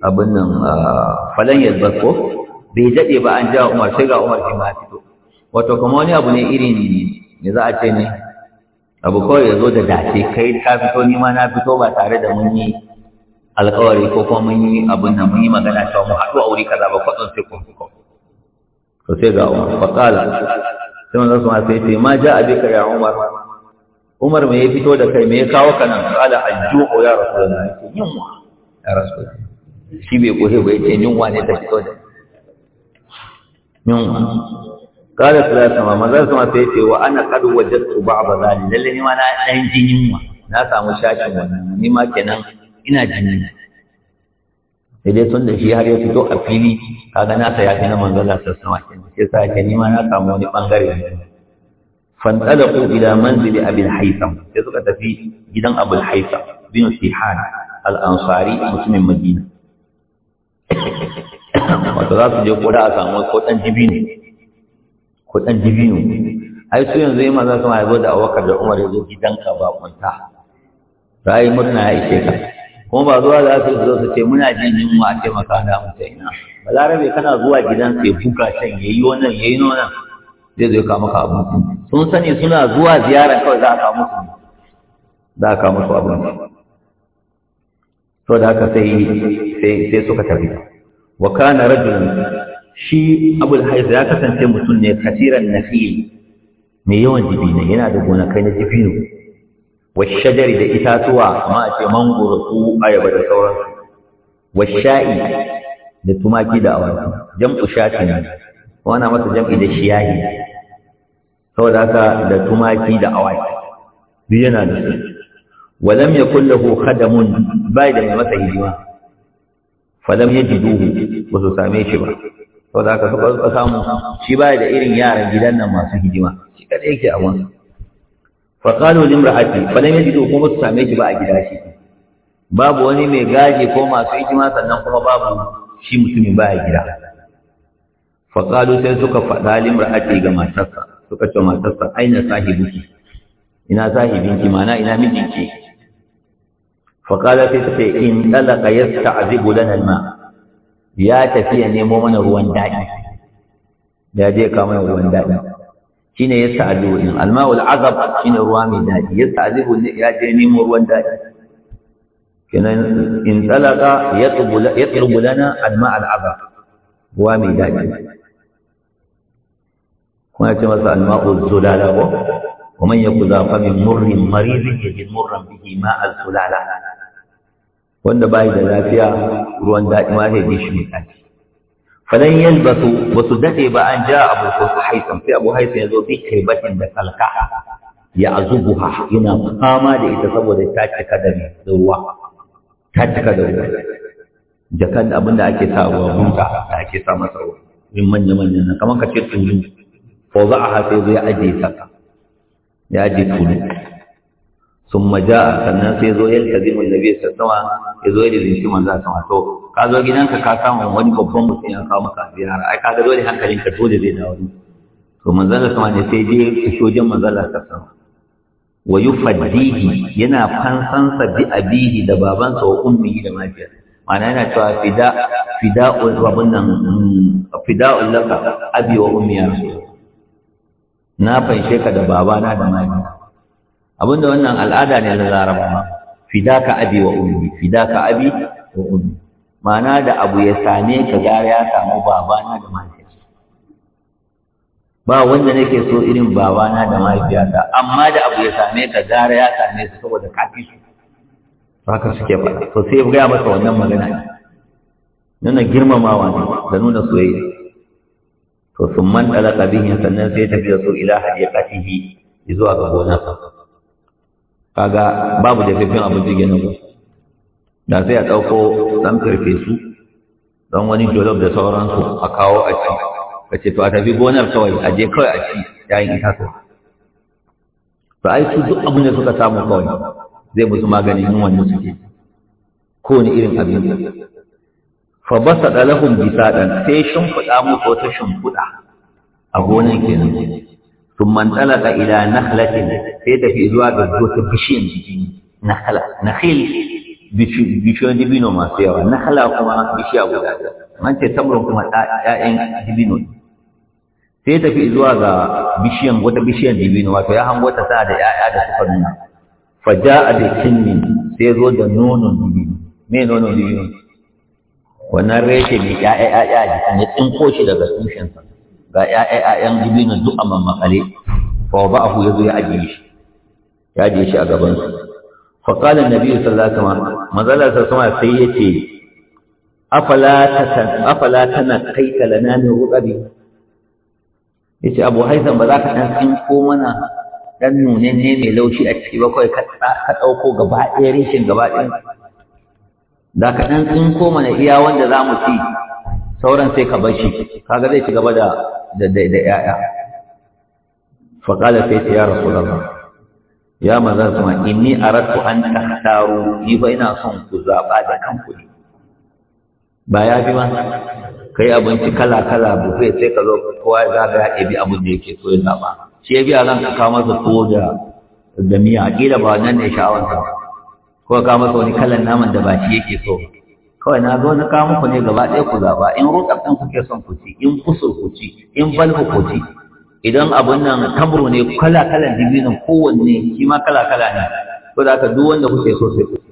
abin nan ah, falan yadda ko bai daɗe ba an jawo umar sai ga umar shi ma fito wato kuma wani abu ne irin me za a ce ne abu kawai ya zo da dace kai ka fito ni ma na fito ba tare da mun yi alkawari ko kuma mun yi abin da mun yi magana cewa mu haɗu a wuri kaza ba kwatsan sai kun fito to sai ga umar kala sai manzon sama sai ce ma ja abi ka ya umar umar me ya fito da kai me ya kawo ka nan qala ajju'u ya rasulullah yunwa ya rasulullah shi bai kohe ba ce yunwa ne ta fito da yunwa kada su zai ma maza su masu yace wa ana kadu wajen su ba ba zali lalle ni ma na ɗan jin yunwa na samu shashin wannan ni ma kenan ina jin yunwa sai dai tun da shi har ya fito a fili kaga na sa ya fi na manzon Allah sassa ma kenan sai sa ke ni ma na samu wani bangare fantalaqu ila manzili abil haitham sai suka tafi gidan abul haitham bin sihan al-ansari mutumin madina wato za su je ko da a samu ko ɗan ne ko jibi ne ai su yanzu yi maza sama yabo da awakar da umar gidan gidanka ba kwanta rayi murna ya ishe ka kuma ba zuwa za su zo su ce muna jin yunwa a maka da mu ta ina balarabe kana zuwa gidan sai buka can ya yi wannan ya yi nonan zai zo ka maka abu sun sani suna zuwa ziyara kawai za a kawo musu za a kawo musu abinci to da haka sai sai suka tafi wa kana rajulun shi abul hayth ya kasance mutum ne kasiran nakhil mai yawan ne? yana da gonakai na dibino wa shajari da itatuwa amma a ce mangoro su ayaba da sauransu wa sha'i da tumaki da awaki jam'u shati ne wana masa jam'i da shiyahi saboda haka da tumaki da awaki duk yana da su wa lam yakul lahu khadamun bai da masa hidima falam yajiduhu ba su same shi ba saboda haka aka suka samu shi ba da irin yaran gidan nan masu hidima shi kada yake a wani faƙalo limra'ati falam yajiduhu kuma su same shi ba a gida shi babu wani mai gaji ko masu hidima sannan kuma babu shi mutumin ba a gida faƙalo sai suka faɗa limra'ati ga matarsa suka ce matarsa aina sahibuki ina sahibinki mana ina mijinki فقال تسعي إن تلق يستعذب لنا الماء يا تسيا نمو من روان دائم يا دي كما روان دائم شين يستعذب لنا الماء العذب شين روان دائم يستعذب لنا يا دي نمو روان دائم كنا إن تلق يطلب لنا الماء العذب روان دائم كما يتمسى الماء الزلالة ومن يقضى فمن مر مريض يجد مرا به ماء الزلالة wanda bai da lafiya ruwan daɗi ma zai dishi mai ɗaci falan yalbasu ba su daɗe ba an ja abu ko su haisan sai abu haisan ya zo bi kirbatin da salka ya azubuha yana fama da ita saboda ta cika da ruwa ta cika da ruwa jakar da ake sa ruwa bunta da ake sa masa ruwa yin manya-manya nan kamar ka ce tulu ko za a hafe zai ajiye saka. ya ajiye tulu ثم جاء sannan sai zo yalka zai da nabi sassawa ya zo yadda zai shiman za sama to ka zo gidanka ka samu wani babban mutum ya kawo maka ziyara ai kaga dole hankalinka dole zai dawo ne to manzala sama ne sai je sojin manzala sassawa wa yufaddihi yana fansansa bi abihi da babansa wa ummihi da mafiya ma'ana yana cewa fida fida wa nan mm, fida laka abi wa ummi ya na fanshe ka da babana da mafiya abinda wannan al'ada ne na larabawa fidaka abi wa ummi fidaka abi wa ummi ma'ana da abu ya same ka gara ya samu babana da mahaifiyarsa ba wanda nake so irin babana da mahaifiyarsa amma da abu ya same ka gara ya same su saboda kafi su haka suke faɗa to sai ya gaya masa wannan magana ne nuna girmamawa ne da nuna soyayya to sun man ɗalaka bihin sannan sai ya tafi da su ila hadiyakatihi zuwa ga gonarsa kaga babu dafaffen abinci gina ba da sai a ɗauko ɗan su don wani jolof da sauransu a kawo a ci ka to a tafi gonar kawai a je kawai a ci yayin itatuwa to ai su duk abin da suka samu kawai zai musu maganin yunwan da suke ni irin da fa basa ɗalahun bisa ɗan sai shimfiɗa musu wata shimfiɗa a gonar kenan ثم انطلق إلى نخلة فيتفي إذواء الدوت بشين نخلة نخيل بشين دبينو ما سيوا نخلة كما بشي أبو دادا من تتمر كما تائن دبينو فيتفي إذواء بشين وتا بشين دبينو واتو يهم وتا سادة آيات سفرنا فجاء بسن سيزو نون دبينو مين نون دبينو wannan reshe mai ya'ya'ya a jikin ya tsinko shi daga tushensa ga ƴaƴan dubinin duk a mammakale fa ba'ahu yazo ya ajiye shi ya ajiye shi a gaban su fa qala annabi sallallahu alaihi wasallam manzala sallallahu alaihi sai yace afala tatan afala tana kaita lana min Ya yace abu haisan ba za ka dan san ko mana dan nunen ne mai laushi a ciki ba kawai ka dauko gaba ɗaya rishin gaba ɗaya da ka dan tsinko mana iya wanda za mu ci sauran sai ka bar shi kaga zai ci gaba da da da yaya faqala sai ya rasulullah ya manzon sama inni aradtu an tahtaru ni ba ina son ku zaba da kanku ne ba ya fi ma kai abinci kala kala bufe sai ka zo kowa ya zaga ya ɗabi abin da yake so ya zaba shi ya biya ka kawo masa tuwo da da miya kila ba nan ne sha'awar ka ko ka masa wani kalan naman da ba shi yake so ba kawai na zo na kawo muku ne gaba ɗaya ku zaba in rukar ɗin kuke son ku ci in kusur ku ci in balku ku ci idan abun nan kamro ne kala-kalan dibinin kowanne shi ma kala-kala ne ko da ka duk wanda kuke so sai ku ci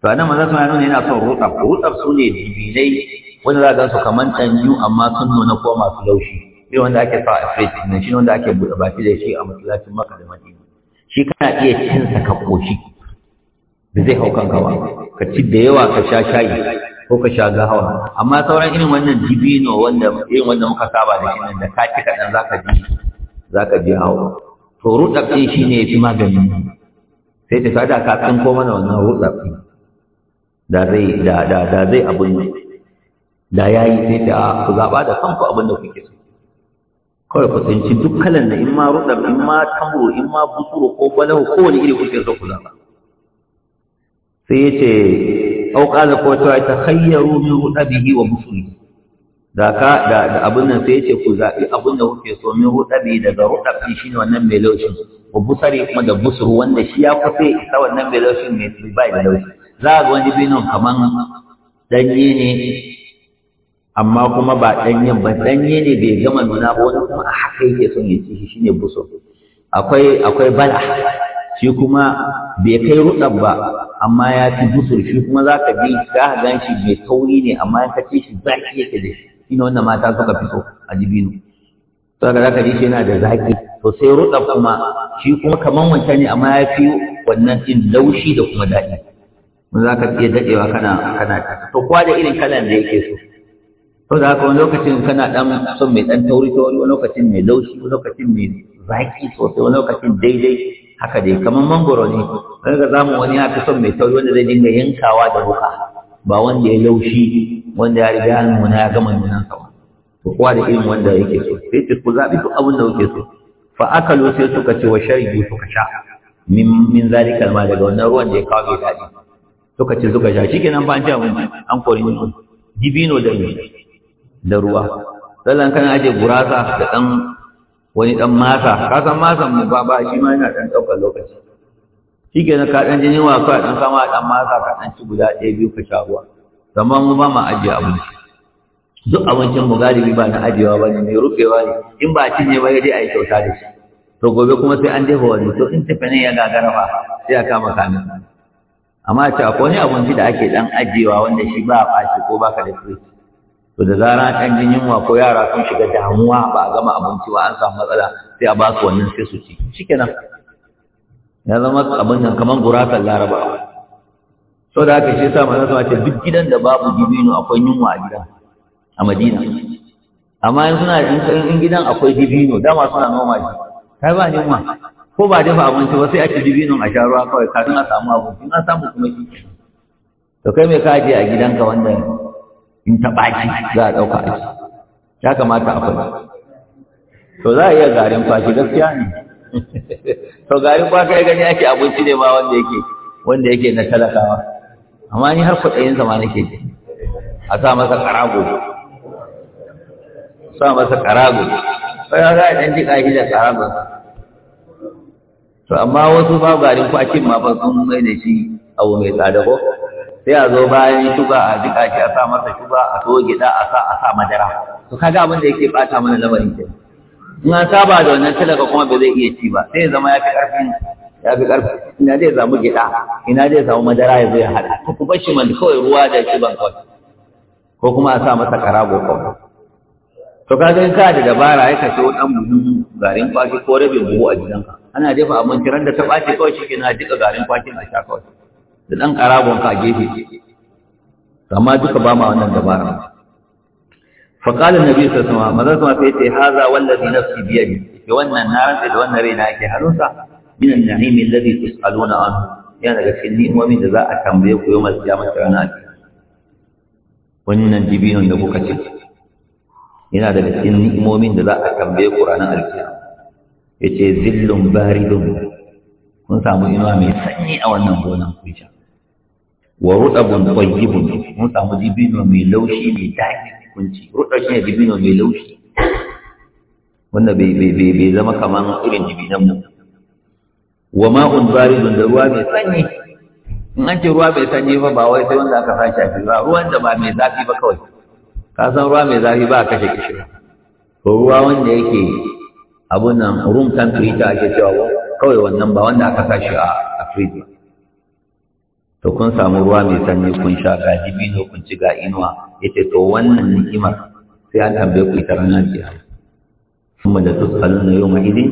to anan maza sun nuna yana son rukar rukar su ne dibinai wanda za ka gansu kamar ɗanyu amma sun nuna ko masu laushi sai wanda ake sa a fridge ne shi wanda ake buɗe baki da shi a masallacin maka da madina shi kana iya cin sa ka koshi da zai hau kanka ba ka ci da yawa ka sha shayi ko ka sha gahawa amma sauran irin wannan dibino wanda irin wanda muka saba da shi da ka dan kaɗan za ka ji zaka ji hawa to ruɗaɓ din shi ne ya fi magani sai ta sada ka ko mana wannan ruɗaɓ ɗin da zai da da da zai abin da ya yi sai ta ku zaba da kanku abin da kuke so kawai ku tsinci duk kalan da in ma ruɗaɓ in ma tamro in ma busuro ko balahu wani iri kuke so ku zaba sai ya ce au qala ko ta takhayyaru min rudabihi wa musli da ka da abin nan sai ya ce ku zabi abin da kuke so min rudabi daga rudabi shine wannan mai laushi wa busari kuma da busur wanda shi ya kusa isa wannan mai laushi mai bai da laushi za ga wani binin kaman danye ne amma kuma ba ɗanyen ba ɗanye ne bai gama nuna ba wani kuma a haka yake son ya ci shi shine buso akwai akwai bala shi kuma bai kai ruɗab ba amma ya fi busur shi kuma za ka bi za ka gan shi mai kauri ne amma ya kace shi zaki yake da shi shi ne wannan mata suka fi so a dibino to ga za ka ji shi yana da zaki to sai ruɗab kuma shi kuma kaman wancan ne amma ya fi wannan ɗin laushi da kuma daɗi mun za ka iya daɗewa kana kana to kowa da irin kalan da yake so to da haka wani lokacin kana ɗan son mai ɗan tauri tauri wani lokacin mai laushi wani lokacin mai zaki sosai wani lokacin daidai haka dai kamar mangoro ne wani ga zamu wani ya fi son mai tauri wanda zai dinga yankawa da wuka ba wanda ya laushi wanda ya riga an nuna ya gama nuna kawa ko kowa da irin wanda yake so sai ce ku zaɓi duk abin da kuke so fa akalu sai suka ce wa sharibu suka sha min min zalikal ma daga wannan ruwan da ya kawo bai daɗi suka ce suka sha shikenan ba an ci abinci an kori ne dibino da da ruwa sallan kana aje gurasa da ɗan wani dan masa ka masan mu ba ba shi ma yana dan ɗaukar lokaci shi ke na kaɗan jini wa kawai ɗan sama ɗan masa ka ɗan ci guda ɗaya biyu ka sha ruwa mu ba ma ajiye abinci duk abincin mu galibi ba na ajiyewa ba ne mai rufewa ne in ba cinye ba dai a yi kyauta da shi to gobe kuma sai an jefa wani to in tafi ne ya gagara ba sai a kama kamin amma ta akwai wani abinci da ake dan ajiyewa wanda shi ba a ɓaci ko ka da firiji to da zara an jin yunwa ko yara sun shiga damuwa ba a gama abinci ba an samu matsala sai a ba su wannan sai su ci shikenan ya zama abin nan kamar guratan laraba so da aka shi sa manzon sa ce duk gidan da babu dibino akwai yunwa a gidan a Madina amma in suna in gidan akwai dibino dama suna noma shi kai ba yunwa ko ba dafa abinci ba sai a ci dibino a sha ruwa kawai kafin a samu abinci na samu kuma shi to kai me ka a gidanka wanda in ta baki za a ɗauka aiki ya kamata a faɗi to za a iya garin kwaki gaskiya ne to garin kwaki ya gani ake abinci ne ma wanda yake wanda yake na talakawa amma ni har kuɗayen zama nake ji a sa masa karago sa masa karago sai ya a dan jika shi da karago to amma wasu ba garin kwakin ma ba sun mai da shi abu mai tsada ko sai a zo bayan shuga a jika shi a sa masa shuga a so gida a sa a sa madara to kaga abin da yake bata mana lamarin ke in an saba da wannan talaka kuma ba zai iya ci ba sai ya zama ya fi karfin ya fi karfin ina zai samu gida ina zai samu madara ya zo ya hada To ku bashi man kawai ruwa da shi ban kawai ko kuma a sa masa karago kawai to kaga in ka da dabara ya kashe wani buhu garin kwaki ko rabin buhu a gidanka ana jefa abinci ran da ta ɓaci kawai shi ke na jika garin kwakin a sha kawai da ɗan ƙaragonka a gefe amma duka ba ma wannan dabara faƙalin na biyu sassan ma mazan sama sai haza wallazi na su biya ne ke wannan na rantsa da wannan raina ake harunsa min al-na'im alladhi tus'aluna an ya daga cikin ni'imomin da za a tambaye ku yawmal qiyamah rana ake wannan dibinon da kuka ce yana daga cikin ni'imomin da za a tambaye ku ranar alkiyama yace zillun baridun kun samu inuwa mai sanyi a wannan gonan kujan wa rudabun tayyibun mun samu dibino mai laushi mai daɗi kunci rudabun shi ne dibino mai laushi wanda bai bai bai bai zama kaman irin dibinan mu wa ma'un baridun da ruwa mai sanyi in an ce ruwa mai sanyi fa ba wai sai wanda aka sa shafi ba ruwan da ba mai zafi ba kawai ka san ruwa mai zafi ba a kashe kishi ko ruwa wanda yake abun nan room temperature ake cewa kawai wannan ba wanda aka sa shi a fridge to kun samu ruwa mai sanyi kun sha ga dibino kun ci ga inuwa yace to wannan ni'ima sai an tambaye ku ita ranar kiyama kuma da na tusaluna yawma idin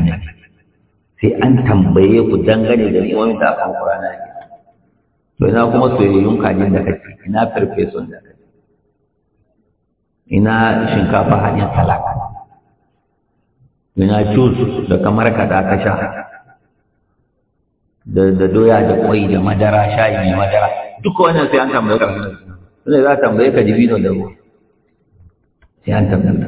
ne sai an tambaye ku dangane da ni'imomin da aka kura na kiyama to ina kuma soyayyun kajin da kake ina farfesun da kake ina shinkafa hanyar talaka ina juice da kamar kada ka sha da doya da kwai da madara shayi mai madara duka wannan sai an tambaye ka wanda za a tambaye ka dibino da ruwa sai an tambaye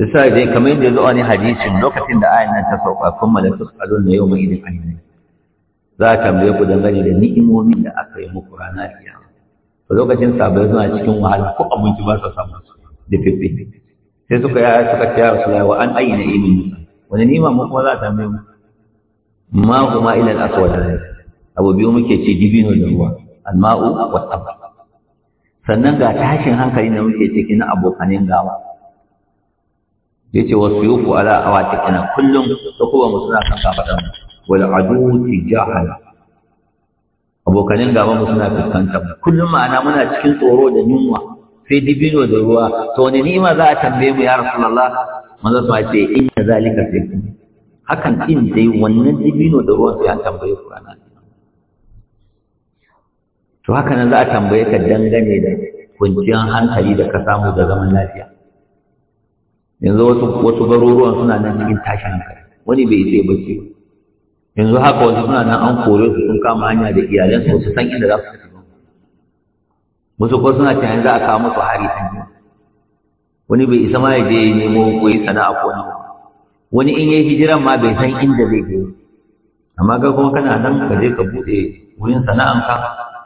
ka sai dai kamar yadda zuwa ne hadisin lokacin da ayan nan ta sauka kun malaka tsalon na yau mai idin annabi za a tambaye ku dangane da ni'imomin da aka yi muku rana iya a lokacin sabai suna cikin wahala ko abinci ba su samu da fifi sai suka yaya suka ce yaro rasu wa an ayyana ilimin wani nima mu kuma za a tambaye mu ma huma ila al-aswad abu biyu muke ce dibino da ruwa al-ma'u wa tabar sannan ga tashin hankali ne muke ciki na abokanin gawa yace wasu yufu ala awatikina kullum ta kowa mu suna kan kafadan wal adu tijahala abokanin gaban mu suna fuskantar kullum ma'ana muna cikin tsoro da yunwa sai dibino da ruwa to wani ni'ima za a tambaye mu ya rasulullah manzo sa ce inna zalika sayyidu hakan din dai wannan dibino da ruwan sai an tambaye ku ana to haka nan za a tambaye ka dangane da kwanciyar hankali da ka samu da zaman lafiya yanzu wasu wasu garuruwan suna nan cikin tashin hankali wani bai isa bacci ba yanzu haka wasu suna nan an kore su sun kama hanya da iyalansu su san inda za su tafi wasu ko suna cewa za a kawo musu hari ɗin wani bai isa ma ya je ya nemo koyi sana'a ko wani wani in yayi hijiran ma bai san inda zai je amma ga kuma kana nan ka je ka bude wurin sana'anka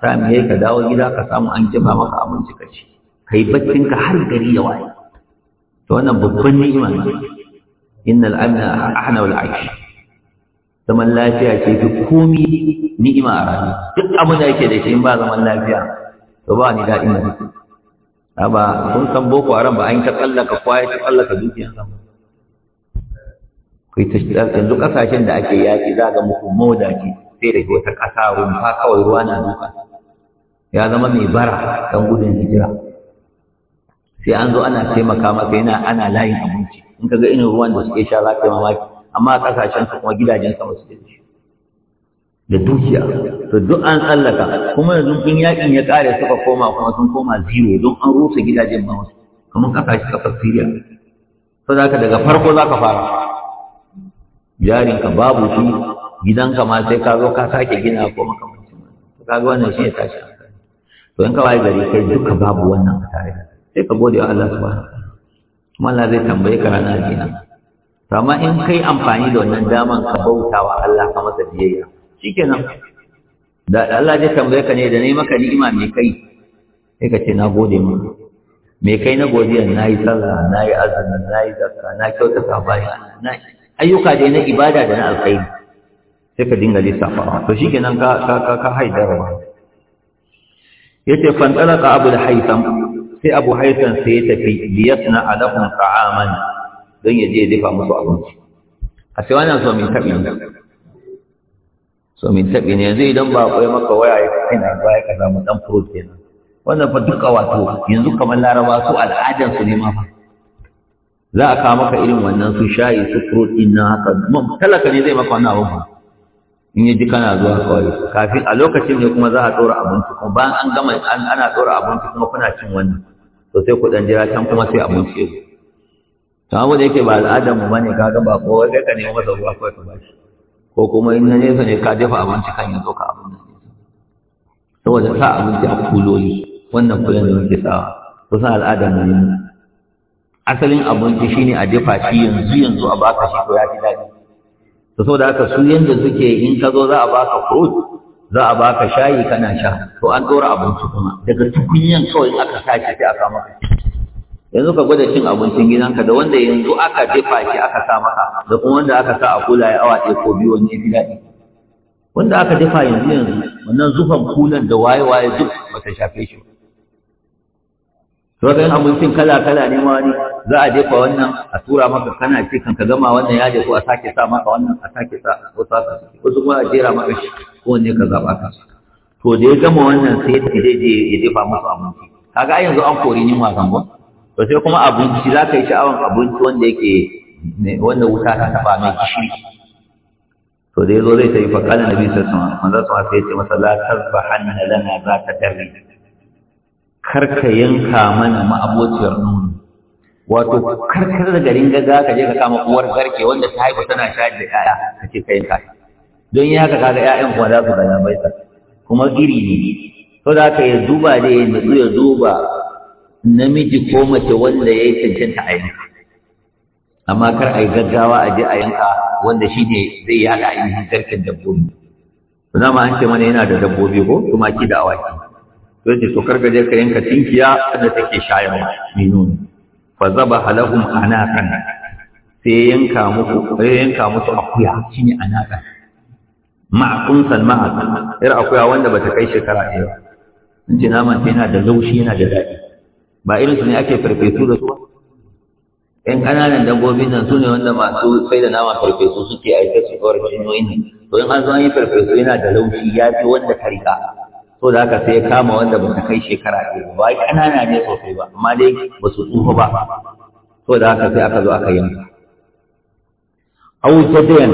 ta me ka dawo gida ka samu an jima maka abinci ka ci kai baccin ka har gari ya waye to wannan babban ni'ima ne innal amna ahna wal aish zaman lafiya ce fi komi ni'ima a rana. duk abin da yake da shi in ba zaman lafiya to ba ni daɗin nan ba kun san boko haram ba an ta tsallaka kwaya ta tsallaka dukiyan zaman kai ta yanzu kasashen da ake yaƙi za ga muku moda ce sai da wata ƙasa rumfa kawai ruwa na duka ya zama mai bara dan gudun hijira sai an zo ana taimaka maka yana ana layin abinci in ka ga irin ruwan da suke sha za ka mamaki amma kasashen su kuma gidajen sama su da shi da dukiya to duk an tsallaka kuma yanzu in yakin ya kare suka koma kuma sun koma zero don an rusa gidajen ba wasu kamar kasashen kasar Syria to zaka daga farko zaka fara jarinka babu shi gidanka ma sai ka zo ka sake gina ko makamancin to kaga wannan shi ne tashi hankali to in ka waye gari kai duka babu wannan a tare da sai ka gode wa Allah subhanahu wataala kuma Allah zai tambaye ka ranar jina to amma in kai amfani da wannan daman ka bauta wa Allah ka masa biyayya shikenan da Allah zai tambaye ka ne da ne maka ni'ima mai kai sai ka ce na gode mu me kai na godiya na yi sallah na yi azumi na yi zakka na kyautata bayan na yi ayyuka dai na ibada da na alkhairi sai ka dinga lissafawa to shikenan ka ka ka, ka haidara yace ka abu da haitham sai abu haitham sai ya tafi liyasna alahum ta'aman don ya je ya dafa musu abinci a sai wannan so min tabi so min tabi ne yanzu idan ba koyi maka waya ya kai na ba ya kaza mu dan fruit kenan wannan fa duka wato yanzu kamar laraba su al'adansu ne ma fa za a kawo maka irin wannan su shayi su fruit din haka mun talaka ne zai maka wannan abun in ji kana zuwa kawai kafin a lokacin ne kuma za a ɗora abinci kuma bayan an gama ana ɗora abinci kuma kuna cin wannan to sai ku dan jira can kuma sai abinci ya zo to abu da yake ba al'adar mu bane kaga ba ko wai ka nemo masa ruwa kawai ka bashi ko kuma in na nesa ne ka dafa abinci kan ya zo ka abin nan saboda sa abinci a kuloli wannan kulan da muke sawa kusan al'adar mu ne asalin abinci shine a dafa shi yanzu yanzu a baka shi to ya fi daɗi to saboda haka su yanda suke in ka zo za a baka fruit za a baka shayi kana sha to an ɗora abinci kuma daga tukunyan kawai aka sa shi sai aka maka yanzu ka gwada cin abincin gidanka da wanda yanzu aka dafa shi aka sa maka da kuma wanda aka sa a kula ya awa ɗaya ko biyu wani ya fi daɗi wanda aka dafa yanzu yanzu wannan zufan kulan da waye waye duk bata shafe shi ba to ga abincin kala kala ne ma za a jefa wannan a tura maka kana ce kan ka gama wannan ya jefa a sake sa maka wannan a sake sa wasu haka wasu kuma a jera maka shi ko wanne ka zaba ka to da ya gama wannan sai ya je ya jefa masa abinci kaga yanzu an kori ni ma kan ba to sai kuma abinci za ka yi sha'awan abinci wanda yake wanda wuta ta taba mai gishiri to da zo zai tafi yi kana da sallallahu alaihi wasallam manzo sa sai ya ce masa la tazbahanna lana za ta darri karka yanka mana ma'abociyar nono wato karkar da garin gaza ka je ka kama uwar garke wanda ta haifa tana shayar da yaya ka ce ka yanka don yi haka kaga yayan kuma za su gana bai kuma iri ne to da ka ya duba da ya nutsu ya duba namiji ko mace wanda ya yi cancanta a yanka amma kar a yi gaggawa a je a yanka wanda shi ne zai yi haka ainihin garken dabbobi zama an ce mana yana da dabbobi ko tumaki da awaki zai ce to kargaje ka yanka tinkiya da take shayarwa mai nuni fa zaba halahum anakan sai yanka muku sai yanka musu akuya shine anakan ma'akun salma'a yar akuya wanda bata kai shekara ɗaya in ce naman ta yana da laushi yana da daɗi ba irin su ne ake farfesu da su ƴan ƙananan dabbobin nan su ne wanda masu sai da nama farfesu suke aika su kawar cinyoyi ne to in an zo an yi farfesu yana da laushi ya fi wanda ka riƙa so da haka sai ya kama wanda ba su kai shekara ɗaya ba ƙanana ne sosai ba amma dai ba su tsufa ba so da haka sai aka zo aka yanka wuce jadayan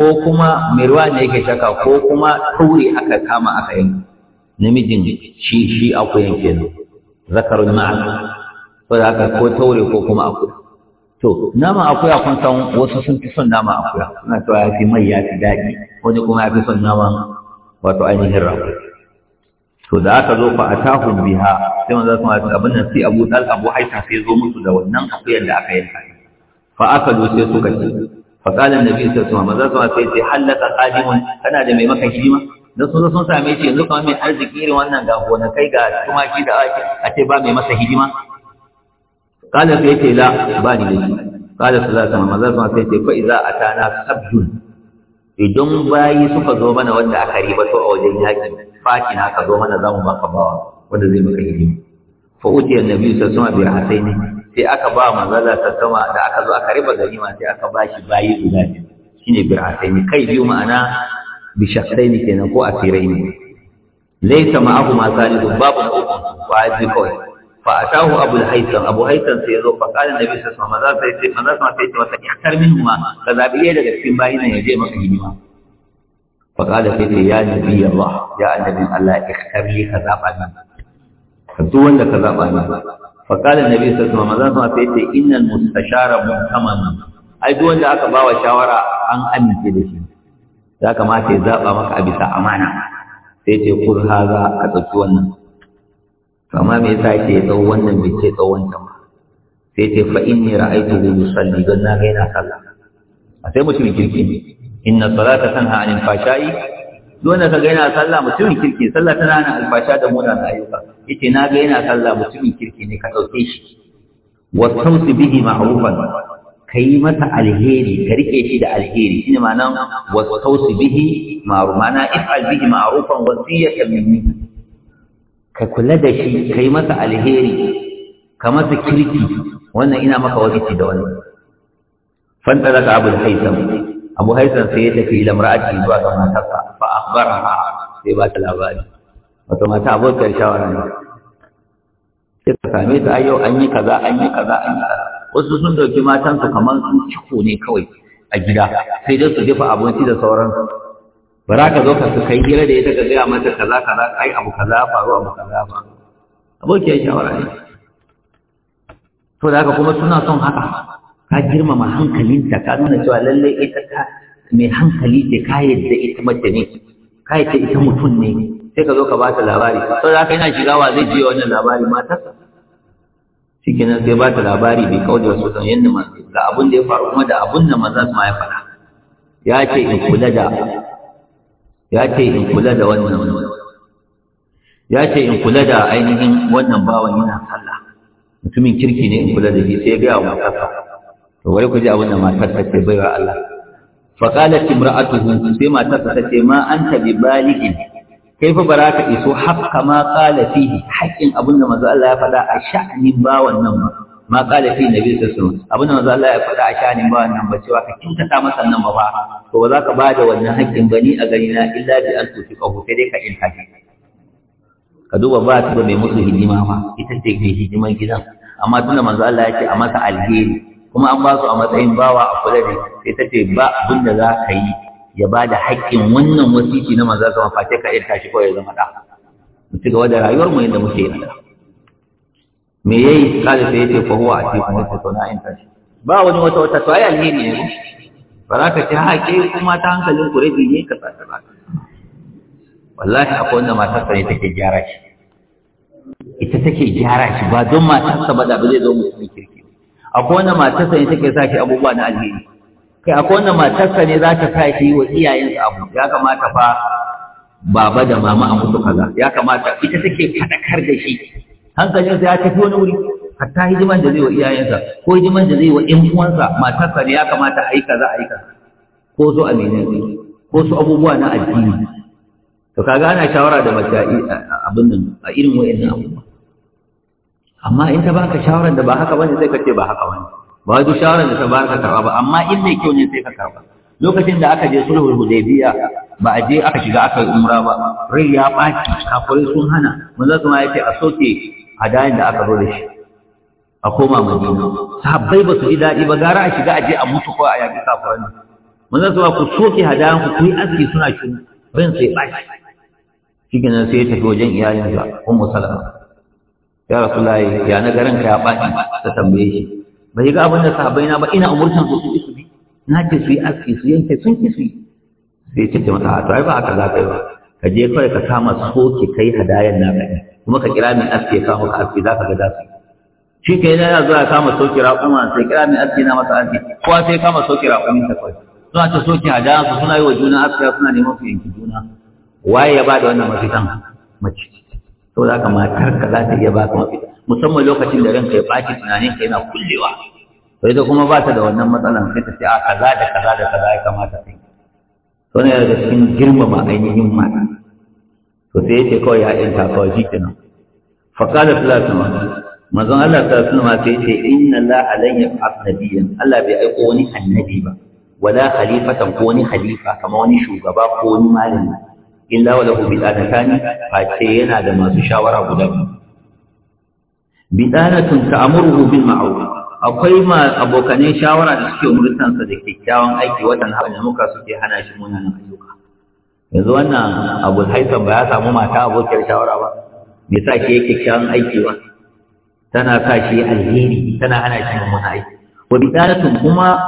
ko kuma mirwa ne yake shaka ko kuma kauri aka kama aka yanka namijin shi shi yanke nan, zakarun ma'a so da haka ko taure ko kuma aku to nama ya kun san wasu sun fi son nama ya suna cewa ya fi mai ya fi daɗi wani kuma ya fi son nama wato ainihin rago to da aka zo fa atahu biha sai manzo kuma abin nan sai Abu Dal Abu Aisha sai zo musu da wannan akuyar da aka yanka fa aka zo sai suka ce fa qala annabi sallallahu alaihi wasallam manzo kuma sai ce halaka qadimun kana da mai maka hidima dan sun sun same shi yanzu kuma mai arziki irin wannan ga kai, ga tumaki da ake a ce ba mai masa hidima qala sai ce la ba ni da shi qala sallallahu alaihi wasallam manzo kuma sai ce fa idza atana sabjun. idan bayi suka zo mana wanda aka riba to a wajen yaƙi fakin ka zo mana zamu maka bawa wanda zai maka hidima fa utiya annabi sallallahu alaihi wasallam bi hasaini sai aka ba manzala ta sama da aka zo aka riba ganima sai aka bashi bayi guda biyu shine bi hasaini kai biyu ma'ana bi shakhsaini kenan ko asiraini laysa ma'ahu ma salihu babu uku ba kawai fa atahu abu haitan abu haitan sai zo fa kana nabi sallallahu alaihi wasallam maza sai sai maza sai ta yakar min ma ka zabi ɗaya daga cikin bayin nan ya je maka hidima fa kana sai ce ya nabi Allah ya annabi Allah ikhtar li ka zaba min duk wanda ka zaba min fa kana nabi sallallahu alaihi wasallam maza sai ce innal mustashara muhtaman ai duk wanda aka bawa shawara an amince da shi ya kamata ya zaba maka a bisa amana sai ce kur haza a tsaki wannan kamar me yasa yake dau wannan bai ce dau wancan ba sai ce fa inni ra'aytuhu yusalli don na ga yana sallah a sai mutumin kirki ne inna salata tanha anil fashai don ka ga yana sallah mutumin kirki sallah tana hana alfasha da mona da ayyuka yace na ga yana sallah mutumin kirki ne ka dauke shi wa tawsi bihi ma'rufan kai mata alheri ka rike shi da alheri shine ma'ana wa tawsi bihi ma'ruf ma'ana if'al bihi ma'rufan wasiyatan minni ka kula da shi ka yi masa alheri ka masa kirki wannan ina maka wakilci da wani. Fanta daga abu haisan, abu haisan sai ya tafi ila mar'ati zuwa ga matarsa ba a akhbaraha sai ba ta labari wato mata abokiyar shawara ne sai ka same ta yau an yi kaza an yi kaza an yi wasu sun dauki matansu kamar sun ciko ne kawai a gida sai dai su jefa abinci da sauransu ba za ka zo ka kai hira da ita ka gaya mata kaza kaza ai abu kaza ya faru abu kaza ya faru abokiyar shawara ne to da haka kuma suna son haka ka girmama hankalinta ka nuna cewa lalle ita ta mai hankali ce ka yadda ita mace ne ka yadda ita mutum ne sai ka zo ka bata labari to da haka yana shiga wa zai je wannan labari matarsa shikenan sai bata labari bai kawo da wasu san yadda ga abun da ya faru kuma da abun da maza su ma ya faɗa ya ce in kula da ya ce in kula da wannan ya ce in kula da ainihin wannan bawan yana sallah mutumin kirki ne in kula da shi sai ya gaya wa matarsa to wai ku ji abin da matar ta ce baiwa Allah fa qalat imra'atuhu sai matarsa ta ce ma anta bi balighin kai fa baraka iso hakka ma qala fihi haƙin abin da manzo Allah ya faɗa a sha'anin bawan nan ba ma kala fi nabi sallallahu alaihi wasallam abin da manzo Allah ya faɗa a shanin ba wannan ba cewa ka kintata masa nan ba ba to ba za ka ba da wannan haƙƙin bani a gari na illa bi an tuti sai dai ka in haƙi ka duba ba ta mai musu hidima ba ita ce ke hidiman gidan amma tunda manzo Allah ya ce a masa alheri kuma an ba su a matsayin bawa a kula da sai ta ce ba abin da za ka yi ya ba da haƙƙin wannan wasiki na manzo ka face ka in shi kawai ya zama da. mu ci da rayuwar mu yadda muke yi me yayi kada sai yace ko huwa ake kuma ta tona in tashi ba wani wata wata to ai alheri ne ba za ka ci haƙe kuma ta hankalin ku rabi ne ka tsaka ba wallahi akwai wanda matarsa ne take gyara shi ita take gyara shi ba don matarsa ba da ba zai zo mutumin kirki akwai wanda matarsa ne take sa shi abubuwa na alheri kai akwai wanda matarsa ne za ta sa shi wa iyayensa abu ya kamata fa baba da mama a mutu kaza ya kamata ita take faɗakar da shi hankalinsa ya tafi wani wuri hatta hidiman da zai wa iyayensa ko hidiman da zai wa ƴan uwansa matarsa ne ya kamata a yi kaza a yi kaza ko su aminai ko su abubuwa na addini to kaga ana shawara da mace abin nan a irin wayannan abubuwa amma in ta baka shawaran da ba haka bane sai ka ce ba haka bane ba duk shawaran da ta baka karba ba amma in mai kyau ne sai ka karba lokacin da aka je sulhul hudaybiya ba a je aka shiga aka umra ba rai ya baki kafirai sun hana manzo kuma yace a soke hadayin da aka zo da shi a koma madina sahabbai ba su ji daɗi ba gara a shiga a je a mutu ko a yaƙi kafiran nan manzon sama ku soke hadayan ku kuyi aski suna shi ban sai ɓaci shi nan sai ya tafi wajen iyayensa ummu salama ya rasulullahi ya na garin ka ya baki ta tambaye shi bai ga abin da sahabbai na ba ina umurtan su su bi na ce su yi aski su yanke sun ki su yi sai ce mata a ba za ka yi ba ka je kawai ka kama soke kai hadayan na kai kuma ka kira mai aski ya kama ka aski za ka ga dafi shi ke yana zuwa kama soki raƙuma sai kira mai aski na masa aski kowa sai kama soki raƙumin ta kawai suna ta soki hadaya su suna yi wa juna aski suna neman su yanki juna waye ya ba da wannan mafitan mace saboda haka matar ka za ta iya ba ka mafita musamman lokacin da ranka ya ɓaci tunanin ka yana kullewa to ita kuma ba ta da wannan matsalan sai ta ce a kaza da kaza da kaza ya kamata ta yi to ne daga cikin girmama ainihin mata to sai yace kawai ya yanta kawai shikenan fa qala sallallahu manzon Allah sallallahu alaihi wasallam sai yace inna la alayya asnabiyan Allah bai aiko wani annabi ba wala khalifatan ko wani khalifa kamar wani shugaba ko wani malami illa wala hu bidatani fa ce yana da masu shawara guda biyu bidatun ta'muruhu bil ma'ruf akwai ma abokanai shawara da suke umurtansa da kyakkyawan aiki waɗanda haka muka suke hana shi munanan ayyuka yanzu wannan abu haisan ba ya samu mata abokiyar shawara ba me sa shi yake kyan aiki ba tana sa shi alheri tana hana shi mummunan aiki wa bidaratun kuma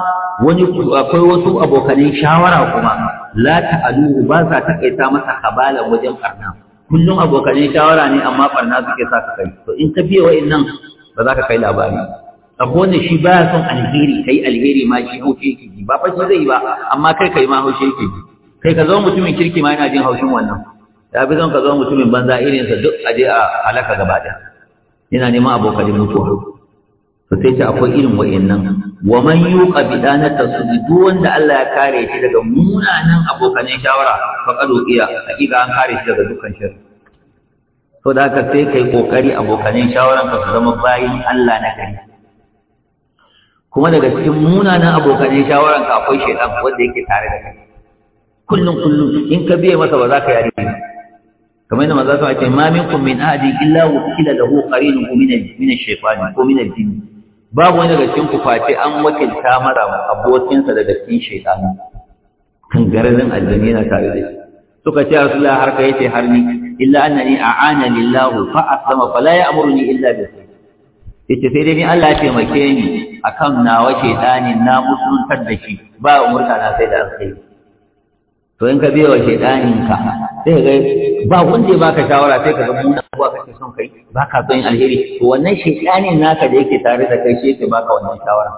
wani akwai wasu abokanin shawara kuma la ta'aluhu ba sa takaita masa kabala wajen farna kullum abokanin shawara ne amma farna suke sa ka kai to in ka biye wa'annan ba za ka kai labari akwai wanda shi baya son alheri kai alheri ma shi haushe yake ba fa shi zai ba amma kai kai ma haushe yake ji kai ka zama mutumin kirki ma yana jin haushin wannan ya fi zan ka zama mutumin banza irinsa duk aje a halaka gaba ɗaya yana neman abokanin mutuwa to sai ta akwai irin wa'annan wa man yuqa bi dana tasudi duk wanda Allah ya kare shi daga munanan abokanin shawara fa kadu iya hakika an kare shi daga dukkan shirri to da haka sai kai kokari abokanin shawaran ka su zama bayin Allah na gari kuma daga cikin munanan abokanin shawaran ka akwai shaitan wanda yake tare da kai kullum kullum in ka biye masa ba za ka yare ba kamar yadda manzo sa ce ma minkum min ahadin illa wukila lahu qarinuhu min min shaytan ko min al babu wani daga cikin ku face an wakilta mara abokin sa daga cikin shaytan kan gararin aljanni na tare da shi suka ce rasulullah har kai ce har ni illa annani a'ana lillahu fa aslama fala ya'muruni illa bi khair yace sai dai ni Allah ya taimake ni akan nawa shaytanin na musuluntar da shi ba umurta na sai da alkhairi to in ka biya wa shaidanin ka sai ga ba wanda ya baka shawara sai ka ga mun abuwa kake son kai baka son alheri to wannan shaidanin naka da yake tare da kai shi yake baka wannan shawara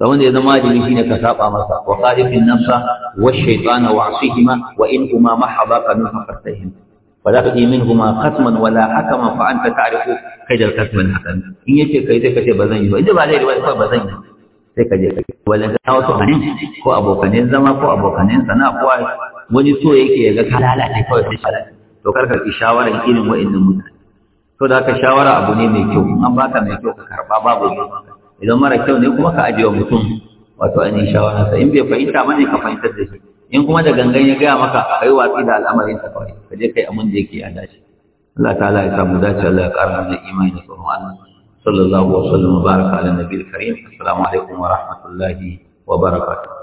kamar da ya zama wajibi shine ka saba masa wa qalifin nafsa wa shaytana wa asihima wa in huma mahaba ka nuha fastahim wa la tuqi minhuma qasman wa la hakama fa anta ta'rifu kaydal qasman hakam in yace kai sai kace bazan yi ba idan ba zai riba ba bazan yi sai ka je ka wala ga wasu hannun ko abokanin zama ko abokanin sana ko wani so yake ya ga ka lalace kawai sai shi to karka ki shawara irin wa'annan mutane to da ka shawara abu ne mai kyau an baka mai kyau ka karba babu ne idan mara kyau ne kuma ka aje wa mutum wato ainihin shawara sa in bai fahimta ne ka fahimtar da shi in kuma da gangan ya gaya maka yi watsi da al'amarin ka kawai ka je kai abin da yake a dace Allah ta'ala ya samu dace Allah ya ƙara mana imani da tsoron Allah sallallahu wa sallam wa baraka ala nabiyil karim assalamu alaikum wa rahmatullahi wa